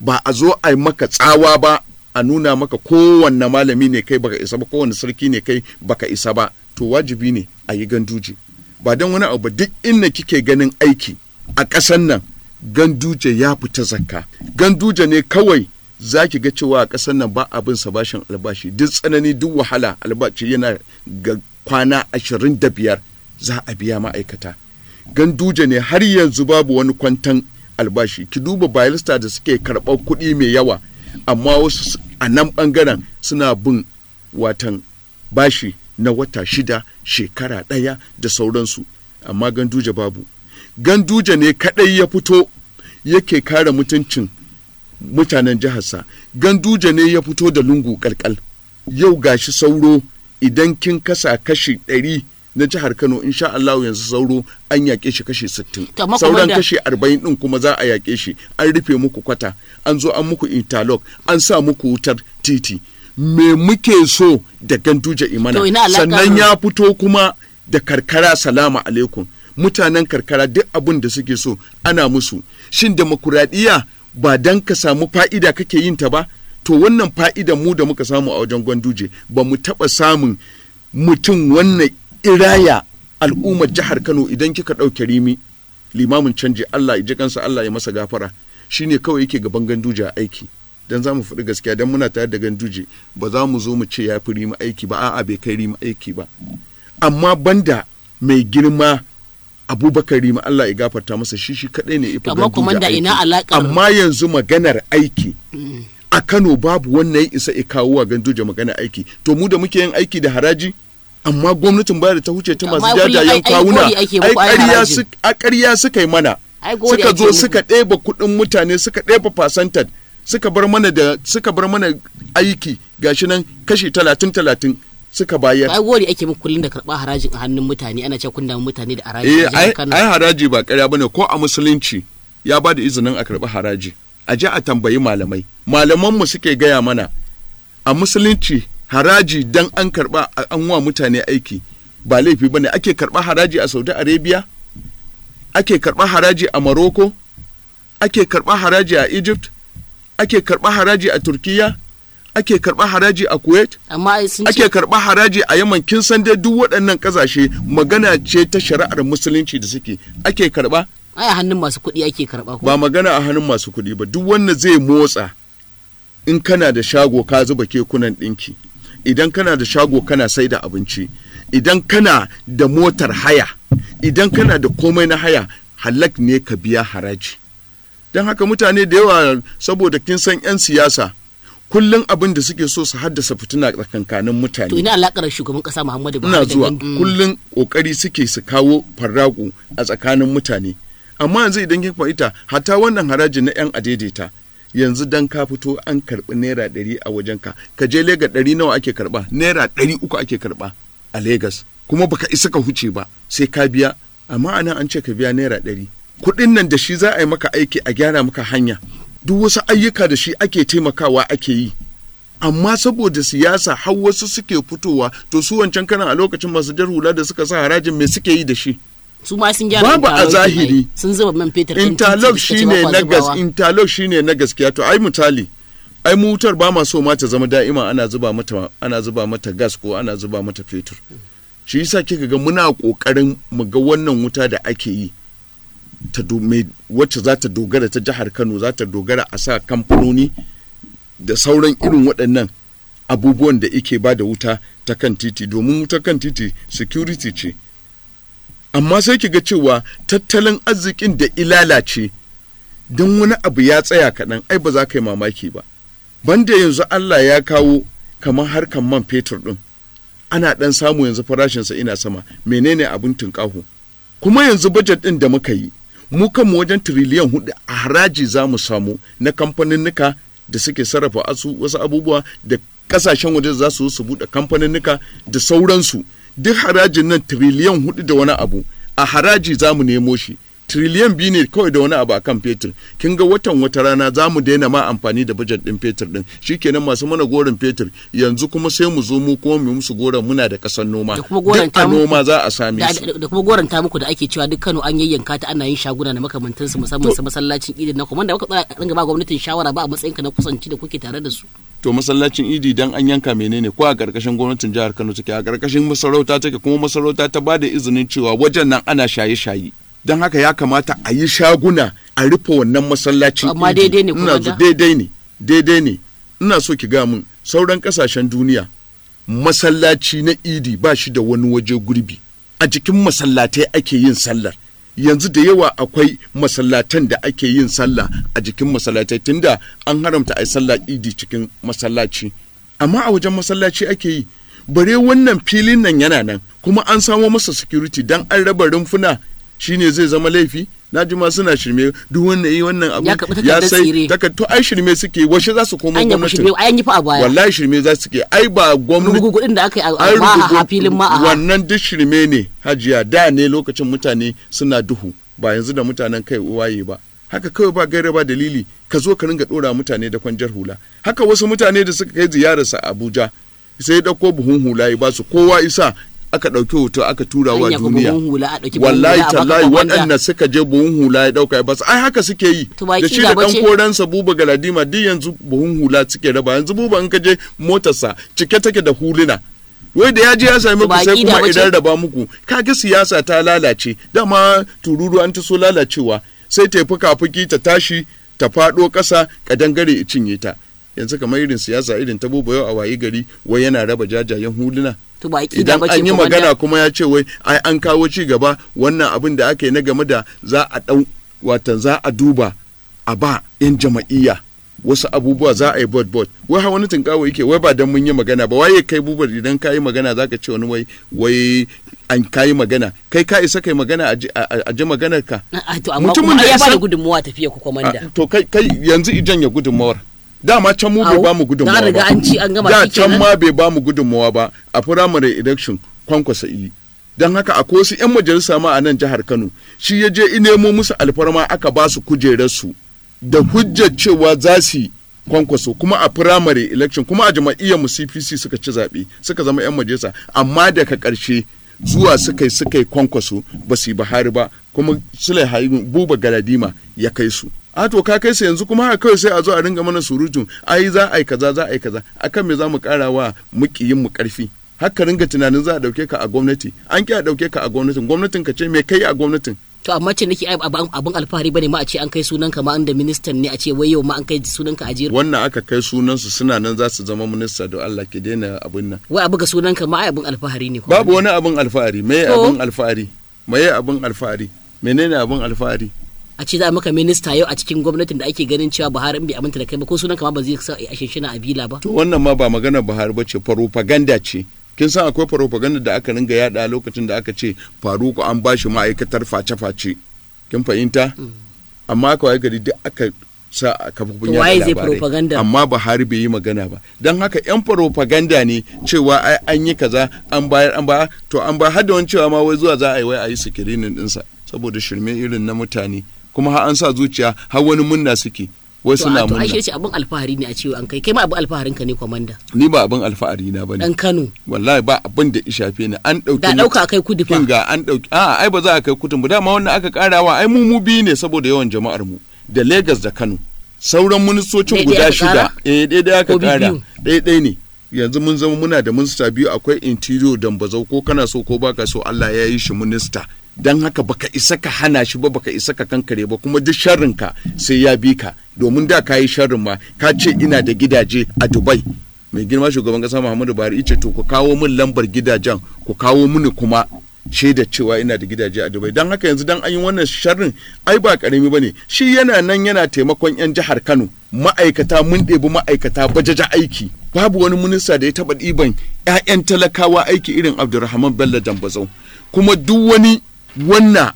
ba a zo a maka tsawa ba a nuna maka kowanne malami ne kai baka isa ba kowanne sarki ne kai baka isa ba to wajibi ne a yi ganduje ba don wani abu duk inda kike ganin aiki a kasan nan ganduje ya fita zakka ganduje ne kawai za ki ga cewa a kasan nan ba abin sa bashin albashi duk tsanani duk wahala albashi yana ga kwana ashirin da biyar za a biya ma'aikata ganduje ne har yanzu babu wani kwantan albashi ki duba bayalista da suke karɓar kuɗi mai yawa amma wasu a nan ɓangaren suna bin watan bashi na wata shida shekara ɗaya da sauransu amma ganduja babu ganduja ne kaɗai ya fito yake kare mutuncin mutanen jiharsa ganduja ne ya fito da lungu ƙalƙal. yau gashi sauro idan kin kasa kashi ɗari na jihar Kano insha Allah yanzu sauro an yaƙe shi kashe 60 sauran kashe 40 din kuma za a yaƙe shi an rufe muku kwata an zo an muku interlock an sa muku wutar titi me muke so da ganduje imana sannan ya fito kuma da karkara salama alaikum mutanen karkara duk abin da suke so ana musu shin demokuraɗiyya ba dan ka samu fa'ida kake yin ta ba to wannan fa'idan mu da muka samu a wajen gwanduje ba mu taɓa samun mutum wannan iraya al'ummar jihar Kano idan kika ɗauke rimi limamin canji Allah ya ji kansa Allah ya masa gafara shine kawai yake gaban ganduje a aiki dan za mu gaskiya dan muna tare da ganduje ba za mu zo mu ce ya fi rimi aiki ba a'a bai kai rimi aiki ba amma banda mai girma abubakar rima Allah ya gafarta masa shi shi kadai ne ifa amma kuma da ina alaka amma yanzu maganar aiki mm. a Kano babu wannan isa ya kawo wa ganduje maganar aiki to mu da muke yin aiki da haraji amma gwamnatin baya da ta huce ta masu jajayen kawuna a ƙarya suka yi mana suka zo suka ɗeba kuɗin mutane suka ɗeba fasantar suka bar mana da suka bar mana aiki gashi nan kashi talatin talatin suka bayar. Ai gori ake muku kullun da karɓa harajin a hannun mutane ana cewa kun damu mutane da haraji. Eh ai haraji ba ƙarya bane ko a musulunci ya ba da izinin a karɓi haraji. A je a tambayi malamai. Malaman mu suke gaya mana a musulunci haraji dan an karba an wa mutane aiki ba laifi bane ake karba haraji a Saudi Arabia ake karba haraji a Morocco ake karba haraji a Egypt ake karba haraji a Turkiya ake karba haraji a Kuwait ake karba haraji a Yaman kin san dai duk waɗannan ƙasashe magana ce ta shari'ar musulunci da suke ake karba ai a hannun masu kuɗi ake karba ba magana a hannun masu kuɗi ba duk wanda zai motsa in kana da shago ka zuba kekunan ɗinki idan kana da shago kana sai da abinci idan kana da motar haya idan kana da komai na haya halak ne ka biya haraji don haka mutane da yawa saboda kin san 'yan siyasa kullum abin da suke so su haddasa fituna tsakankanin mutane. To ina alakar shugaban kasa Muhammadu Buhari. Ina zuwa kullum kokari suke su kawo farrago a tsakanin mutane. Amma yanzu idan kin fahimta hata wannan haraji na 'yan adaidaita yanzu dan ka fito an karɓi naira ɗari a wajen ka Ka je lega ɗari nawa ake karba naira ɗari uku ake karɓa a legas kuma baka isa ka huce ba sai ka biya amma anan an ce ka biya naira ɗari kuɗin nan da shi za a yi maka aiki a gyara maka hanya duk wasu ayyuka da shi ake taimakawa ake yi amma saboda siyasa har wasu suke fitowa to su wancan kanan a lokacin masu jar hula da suka sa harajin me suke yi da shi su ma sun gyara babu a zahiri sun zuba man fetur interlock shine na gas interlock shine na gaskiya to ai misali ai mu wutar ba ma so ma ta zama da'ima ana zuba mata ana zuba mata gas ko ana zuba mata fetur shi yasa kika ga muna kokarin mu ga wannan wuta da ake yi ta wacce za ta dogara ta jihar Kano za ta dogara a sa kamfanoni da sauran irin waɗannan abubuwan da ike ba da wuta ta kan titi domin wuta kan titi security ce amma sai ki ga cewa tattalin arzikin da ilalace don wani abu ya tsaya kaɗan ai ba za ka yi mamaki ba banda yanzu Allah ya kawo kamar harkar man fetur ɗin ana ɗan samu yanzu farashinsa ina sama menene abin tunƙaho kuma yanzu bajet ɗin da muka yi mu kanmu wajen tiriliyan hudu a haraji za mu samu na kamfaninnika da suke sarrafa wasu abubuwa da ƙasashen waje za su su buɗe kamfaninnika da sauransu duk harajin nan tiriliyan hudu da wani abu a haraji za mu nemo shi tiriliyan biyu ne kawai da wani abu akan fetur kin ga watan wata rana za mu daina ma amfani da bajet din fetur din shikenan masu mana goron fetur yanzu kuma sai mu zo mu kuma mu musu goron muna da kasan noma duk a noma za a same da kuma goron ta muku da ake cewa duk Kano an yayyanka ta ana yin shaguna da makamantan su musamman su masallacin idin na kuma da tsaya ringa ba gwamnatin shawara ba a matsayin ka na kusanci da kuke tare da su to masallacin idi dan an yanka menene ko a karkashin gwamnatin jihar Kano take a karkashin masarauta take kuma masarauta ta bada izinin cewa wajen nan ana shaye-shaye dan haka ya kamata a yi shaguna a rufe wannan masallacin amma daidai ne kuma daidai ne daidai ne ina so ki ga mun sauran kasashen duniya masallaci na idi ba shi da wani waje gurbi a jikin masallatai ake yin sallar yanzu da yawa akwai masallatan da ake yin sallah a jikin masallatai tunda an haramta a yi sallah idi cikin masallaci amma a wajen masallaci ake yi bare wannan filin nan yana nan kuma an samo masa security dan an raba rumfuna Shi ne zai zama laifi na jima suna shirme duk wanda yi wannan abu ya sai takatto ai shirme suke washe za su koma gwamnatin a baya wallahi shirme za su ke ai ba gwamnati da aka yi a filin ma wannan duk shirme ne hajiya da ne lokacin mutane suna duhu ba yanzu da mutanen kai waye ba haka kawai ba gaira ba dalili ka zo ka ringa dora mutane da kwanjar hula haka wasu mutane da suka kai ziyararsa a Abuja sai dauko buhun hula ba su kowa isa aka ɗauki hoto aka tura wa duniya wallahi tallahi waɗanda suka je buhun hula ya ɗauka ba ai haka suke yi da shi da ɗan koransa buba galadima duk yanzu buhun hula suke raba yanzu buba in ka je motarsa cike take da huluna wai da ya je ya sami ku sai kuma idan raba muku kaga siyasa ta lalace dama tururu an ta so lalacewa sai ta fuka fuki ta tashi ta faɗo ƙasa ka dangare cinye ta yanzu kamar irin siyasa irin ta yau a wayi gari wai yana raba jajayen huluna idan an yi magana kuma ya ce wai ai an kawo ci gaba wannan abin da aka yi na game da za a dau watan za a duba a ba yan jama'iyya wasu abubuwa za a yi bot bot wai wani tunkawo yake wai ba dan mun yi magana ba waye kai bubar idan ka yi magana za ka ce wani wai wai an kayi magana kai ka isa kai magana a ji maganar ka mutumin da ya ba da gudunmuwa tafiya ku komanda to kai yanzu ijan ya gudunmuwar dama can mu bai ba mu gudunmawa ba da can ma bai ba mu gudunmawa ba a primary election kwankwasa ili don haka a wasu 'yan majalisa ma a nan jihar kano shi ya je nemo musu alfarma aka ba su kujerarsu da hujjar cewa za su kwankwaso kuma a primary election kuma a jama'iyyar mu cpc suka ci zaɓe suka zama 'yan majalisa amma daga ƙarshe zuwa suka yi suka yi kwankwaso ba su yi bahari ba kuma sulai buba galadima ya kai su a to ka kai su yanzu kuma haka kawai sai a zo a ringa mana surutun ai za a yi kaza za a yi kaza akan me za mu kara wa mukiyin mu karfi haka ringa tunanin za a dauke ka a gwamnati an ki a dauke ka a gwamnatin gwamnatin ka ce me kai a gwamnatin to amma ce nake abin alfahari bane ma a ce an kai sunan ka ma da ministan ne a ce wai yau ma an kai sunan ka a jeri wannan aka kai sunan su suna nan za su zama minista don Allah ki daina abin nan wai abu sunan ka ma ai abin alfahari ne babu wani abin alfahari me abin alfahari me abin alfahari menene abin alfahari a ce za maka minista yau a cikin gwamnatin da ake ganin cewa Buhari in bai aminta da kai ba ko sunan ma ba zai sa a shinshina a bila ba to wannan ma ba magana Buhari ba ce propaganda ce kin san akwai propaganda da aka ringa yada lokacin da aka ce Faruku an bashi ma'aikatar face-face kin fahimta mm. amma waye gari duk aka sa a kafofin yada labarai amma Buhari bai yi magana ba don haka yan propaganda ne cewa ai an yi kaza an bayar an ba to an ba har da wani cewa ma wai zuwa za a yi wai a yi sikirinin dinsa saboda shirme irin na mutane kuma har an sa zuciya har wani munna suke wai suna munna to ce abin alfahari ne a cewa an kai kai ma abin alfaharin ka ne komanda ni ba abin alfahari na bane dan Kano wallahi ba abin da ya shafe ni an dauki da dauka kai kudu fa kinga an dauki a ai ba za a kai kudu ba dama wannan aka karawa ai mu mu biyu ne saboda yawan jama'ar mu da Lagos da Kano sauran ministocin guda shida eh dai aka kara dai ne yanzu mun zama muna da minista biyu akwai interior dambazau ko kana so ko baka so Allah ya yi shi minista don haka baka isa ka hana shi ba baka isa ka kankare ba kuma duk sharrin ka sai ya bi ka domin da ka yi sharrin ma ka ce ina da gidaje a Dubai mai girma shugaban kasa Muhammadu Buhari ce to ku kawo min lambar gidajen ku kawo mini kuma shaida cewa ina da gidaje a Dubai don haka yanzu dan an yi wannan sharrin ai ba karami bane shi yana nan yana taimakon yan jihar Kano ma'aikata mun ɗebi ma'aikata bajaja aiki babu wani minista da ya taɓa ɗiban 'ya'yan talakawa aiki irin Abdulrahman Bello Jambazau kuma duk wani wannan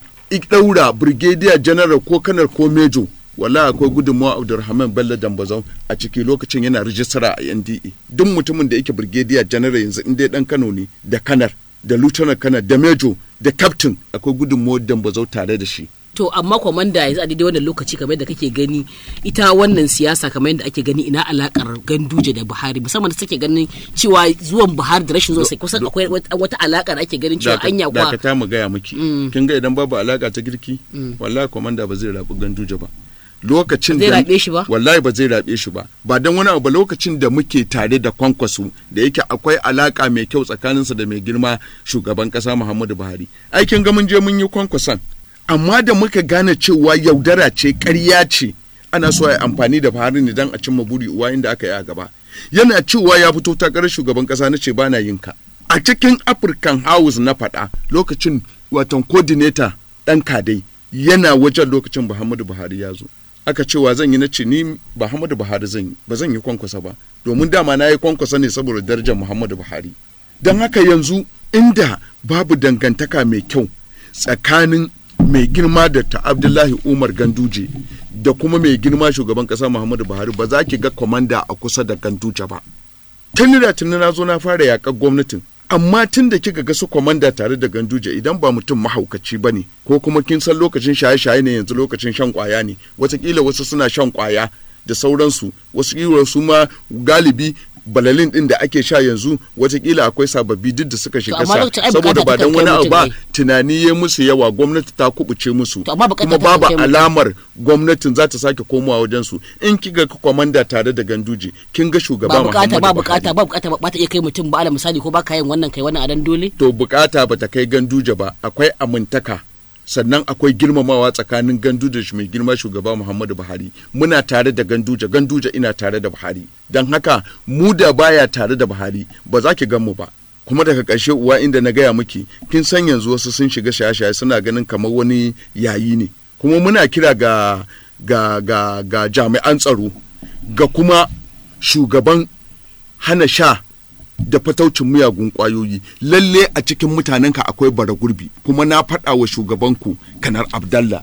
ɗaura brigadier general ko kanar ko mejo wala akwai gudunmawa abdulrahman bello dambazon a ciki lokacin yana rijistara a nde duk mutumin da yake brigadier general yanzu in dai dan kano ne da kanar da lieutenant kanar da mejo da captain akwai gudunmawar dambazau tare da shi to amma kwamanda yanzu a daidai wannan lokaci kamar yadda kake gani ita wannan siyasa kamar yadda ake gani ina alakar ganduje da buhari musamman da take ganin cewa zuwan buhari da rashin zuwa sai kusan akwai wata alaka da ake ganin cewa anya kwa dakata mu gaya miki mm. kin ga idan babu alaka ta girki mm. wallahi kwamanda ba zai rabu ganduje ba lokacin da rabe shi ba wallahi ba zai rabe shi ba ba dan wani abu lokacin da muke tare da kwankwaso da yake akwai alaka mai kyau tsakaninsa da mai girma shugaban kasa Muhammadu Buhari aikin ga mun je mun yi kwankwason amma da muka gane cewa yaudara ce ƙarya ce ana so a amfani da fahari ne don a cimma buri uwa inda aka yi a gaba yana cewa ya fito takarar shugaban ƙasa na ce ba na ka. a cikin african house na faɗa lokacin watan coordinator ɗan kadai yana wajen lokacin muhammadu buhari ya zo aka cewa zan yi na ce ni muhammadu buhari zan yi ba zan yi kwankwasa ba domin dama na yi kwankwasa ne saboda darajar muhammadu buhari don haka yanzu inda babu dangantaka mai kyau tsakanin mai girma da ta abdullahi umar ganduje da kuma mai girma shugaban kasa muhammadu buhari ba za ki ga kwamanda a kusa da ganduje ba tun da tun na zo na fara yakar gwamnatin amma tun da kika ga su kwamanda tare da ganduje idan ba mutum mahaukaci ba ne ko kuma kin san lokacin shaye-shaye ne yanzu lokacin shan kwaya ne watakila wasu suna shan kwaya da sauransu wasu kiwar su ma galibi balalin din da ake sha yanzu watakila akwai sababbi duk da suka shiga sa saboda ba dan wani abu ba tunani ya musu yawa gwamnati ta kubuce musu kuma babu alamar gwamnatin za ta sake komawa wajen su in kiga kwamanda tare da ganduje kin ga shugaba Muhammadu ba bukata ba bukata ba ta iya kai mutum ba ala misali ko ba ka yin wannan kai wannan a dan dole to bukata ba ta kai ganduje ba akwai amintaka sannan akwai girmamawa tsakanin ganduja mai girma shugaba muhammadu buhari muna tare da ganduja ganduja ina tare da buhari don haka mu da baya tare da buhari ba za ki mu ba kuma daga karshe uwa inda na gaya miki kin san yanzu wasu sun shiga shaye-shaye suna ganin kamar wani yayi ne kuma muna kira ga ga ga ga jami'an tsaro ga kuma shugaban hana sha da fataucin miyagun kwayoyi lalle a cikin mutanenka akwai bara gurbi kuma na faɗa wa shugabanku kanar abdallah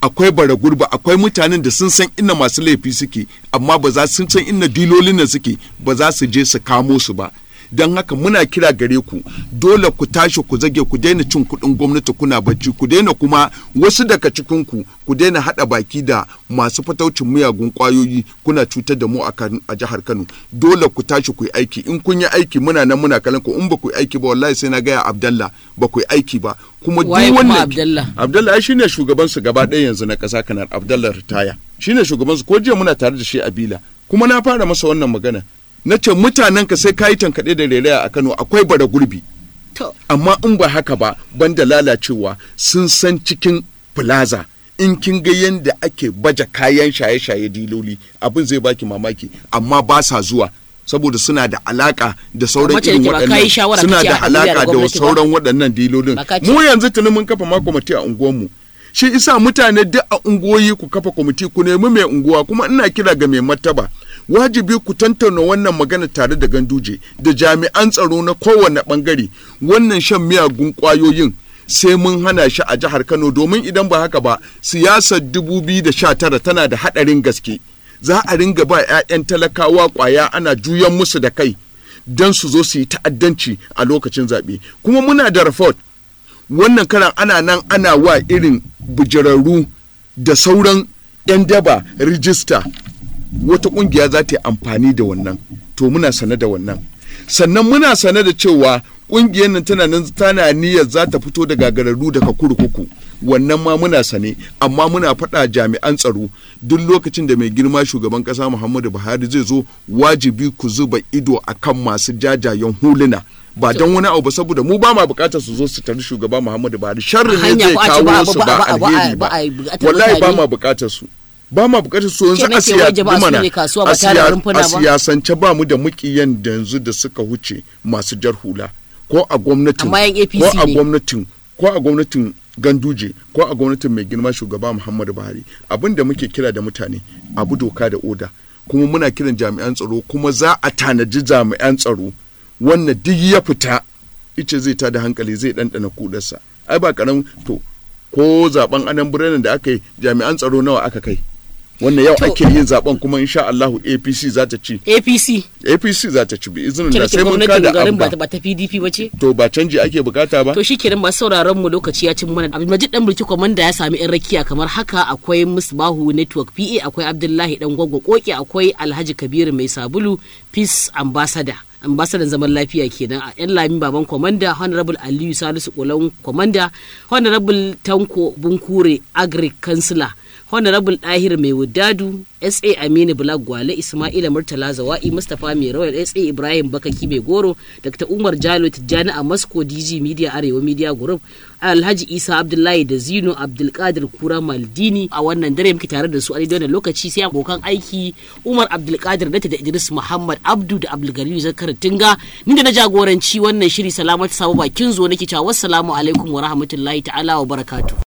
akwai bara gurbi akwai mutanen da sun san inna masu laifi suke amma ba za sun san inna dilolin da suke ba za su je su kamo su ba don haka muna kira gare ku dole ku tashi ku zage ku daina cin kuɗin gwamnati kuna bacci ku daina kuma wasu daga cikin ku ku daina haɗa baki da masu fataucin miyagun ƙwayoyi kuna cutar da mu a jihar Kano dole ku tashi ku yi aiki in kun yi aiki muna nan muna kalan ku in ba ku yi aiki ba wallahi sai na gaya Abdallah ba ku yi aiki ba kuma duk wannan Abdallah Abdallah shi ne shugaban su gaba ɗaya yanzu na ƙasa kanar Abdallah ritaya shi ne shugaban su ko jiya muna tare da shi a Bila kuma na fara masa wannan magana na ce mutanen ka sai ka yi tankaɗe da rairaya a Kano akwai bara gurbi amma in ba haka ba ban da lalacewa sun san cikin plaza in kin ga yadda ake baje kayan shaye-shaye diloli abin zai baki mamaki amma ba sa zuwa saboda suna da alaka da sauran irin waɗannan suna da alaka da sauran waɗannan dilolin mu yanzu tuni mun kafa ma kwamiti a unguwanmu shi isa mutane duk a unguwoyi ku kafa kwamiti ku nemi mai unguwa kuma ina kira ga mai martaba wajibi ku tantauna wannan magana tare da ganduje da jami'an tsaro na kowane bangare wannan shan miyagun kwayoyin sai mun hana shi a jihar Kano domin idan ba haka ba siyasar 2019 tana da haɗarin gaske za a ringa ba 'ya'yan talakawa kwaya ana juyan musu da kai don su zo su yi ta'addanci a lokacin zaɓe kuma muna da rafot wannan karan ana nan ana wa irin bujirarru da sauran 'yan daba rijista wata kungiya za ta yi amfani da wannan to muna sane da wannan sannan muna sane da cewa kungiyar nan tana nan tana niyyar za ta fito da gagararru daga kurkuku wannan ma muna sane amma muna faɗa jami'an tsaro duk lokacin da mai girma shugaban ƙasa muhammadu buhari zai zo wajibi ku zuba ido akan masu jajayen huluna ba don wani abu ba saboda mu ba ma bukatar su zo su tarbi shugaba muhammadu buhari sharri ne zai kawo su ba alheri ba wallahi ba ma bukatar su ba ma bukatar su yanzu a siyasance ba mu da mukiyan yanzu da suka huce masu jar hula ko a gwamnatin ko a gwamnatin ganduje ko a gwamnatin mai girma shugaba muhammadu buhari abin da muke kira da mutane abu doka da oda kuma muna kiran jami'an tsaro kuma za a tanaji jami'an tsaro wannan duk ya fita ice zai ta da hankali zai ɗanɗana kudarsa ai ba karan to ko zaben anan birnin da aka yi jami'an tsaro nawa aka kai wannan yau ake yin zaben kuma insha Allahu APC za ta ci APC APC za ta ci bi izinin da sai mun kada amba ba ta PDP ba ce to ba canji ake bukata ba to shikenan masu sauraron mu lokaci ya cin mana Majid dan burki komanda ya sami yan rakiya kamar haka akwai Musbahu Network PA akwai Abdullahi dan gwaggo koki akwai Alhaji Kabir mai sabulu Peace Ambassador ambasadan zaman lafiya kenan a yan lami baban kwamanda honorable aliyu salisu kolon kwamanda honorable tanko bunkure agri councillor honorable dahir mai wudadu sa aminu black gwale ismaila murtala zawa'i mustapha mai rawar sa ibrahim bakaki mai goro dr umar jalo tijjani a moscow dg media arewa media group alhaji isa abdullahi da zino abdulkadir kura maldini a wannan dare muke tare da su a daidai lokaci sai abokan aiki umar abdulkadir da da idris muhammad abdu da abdulgariyu zakar tinga ni da na jagoranci wannan shiri salamat sabo bakin zo nake cewa wassalamu alaikum wa rahmatullahi ta'ala wa barakatuh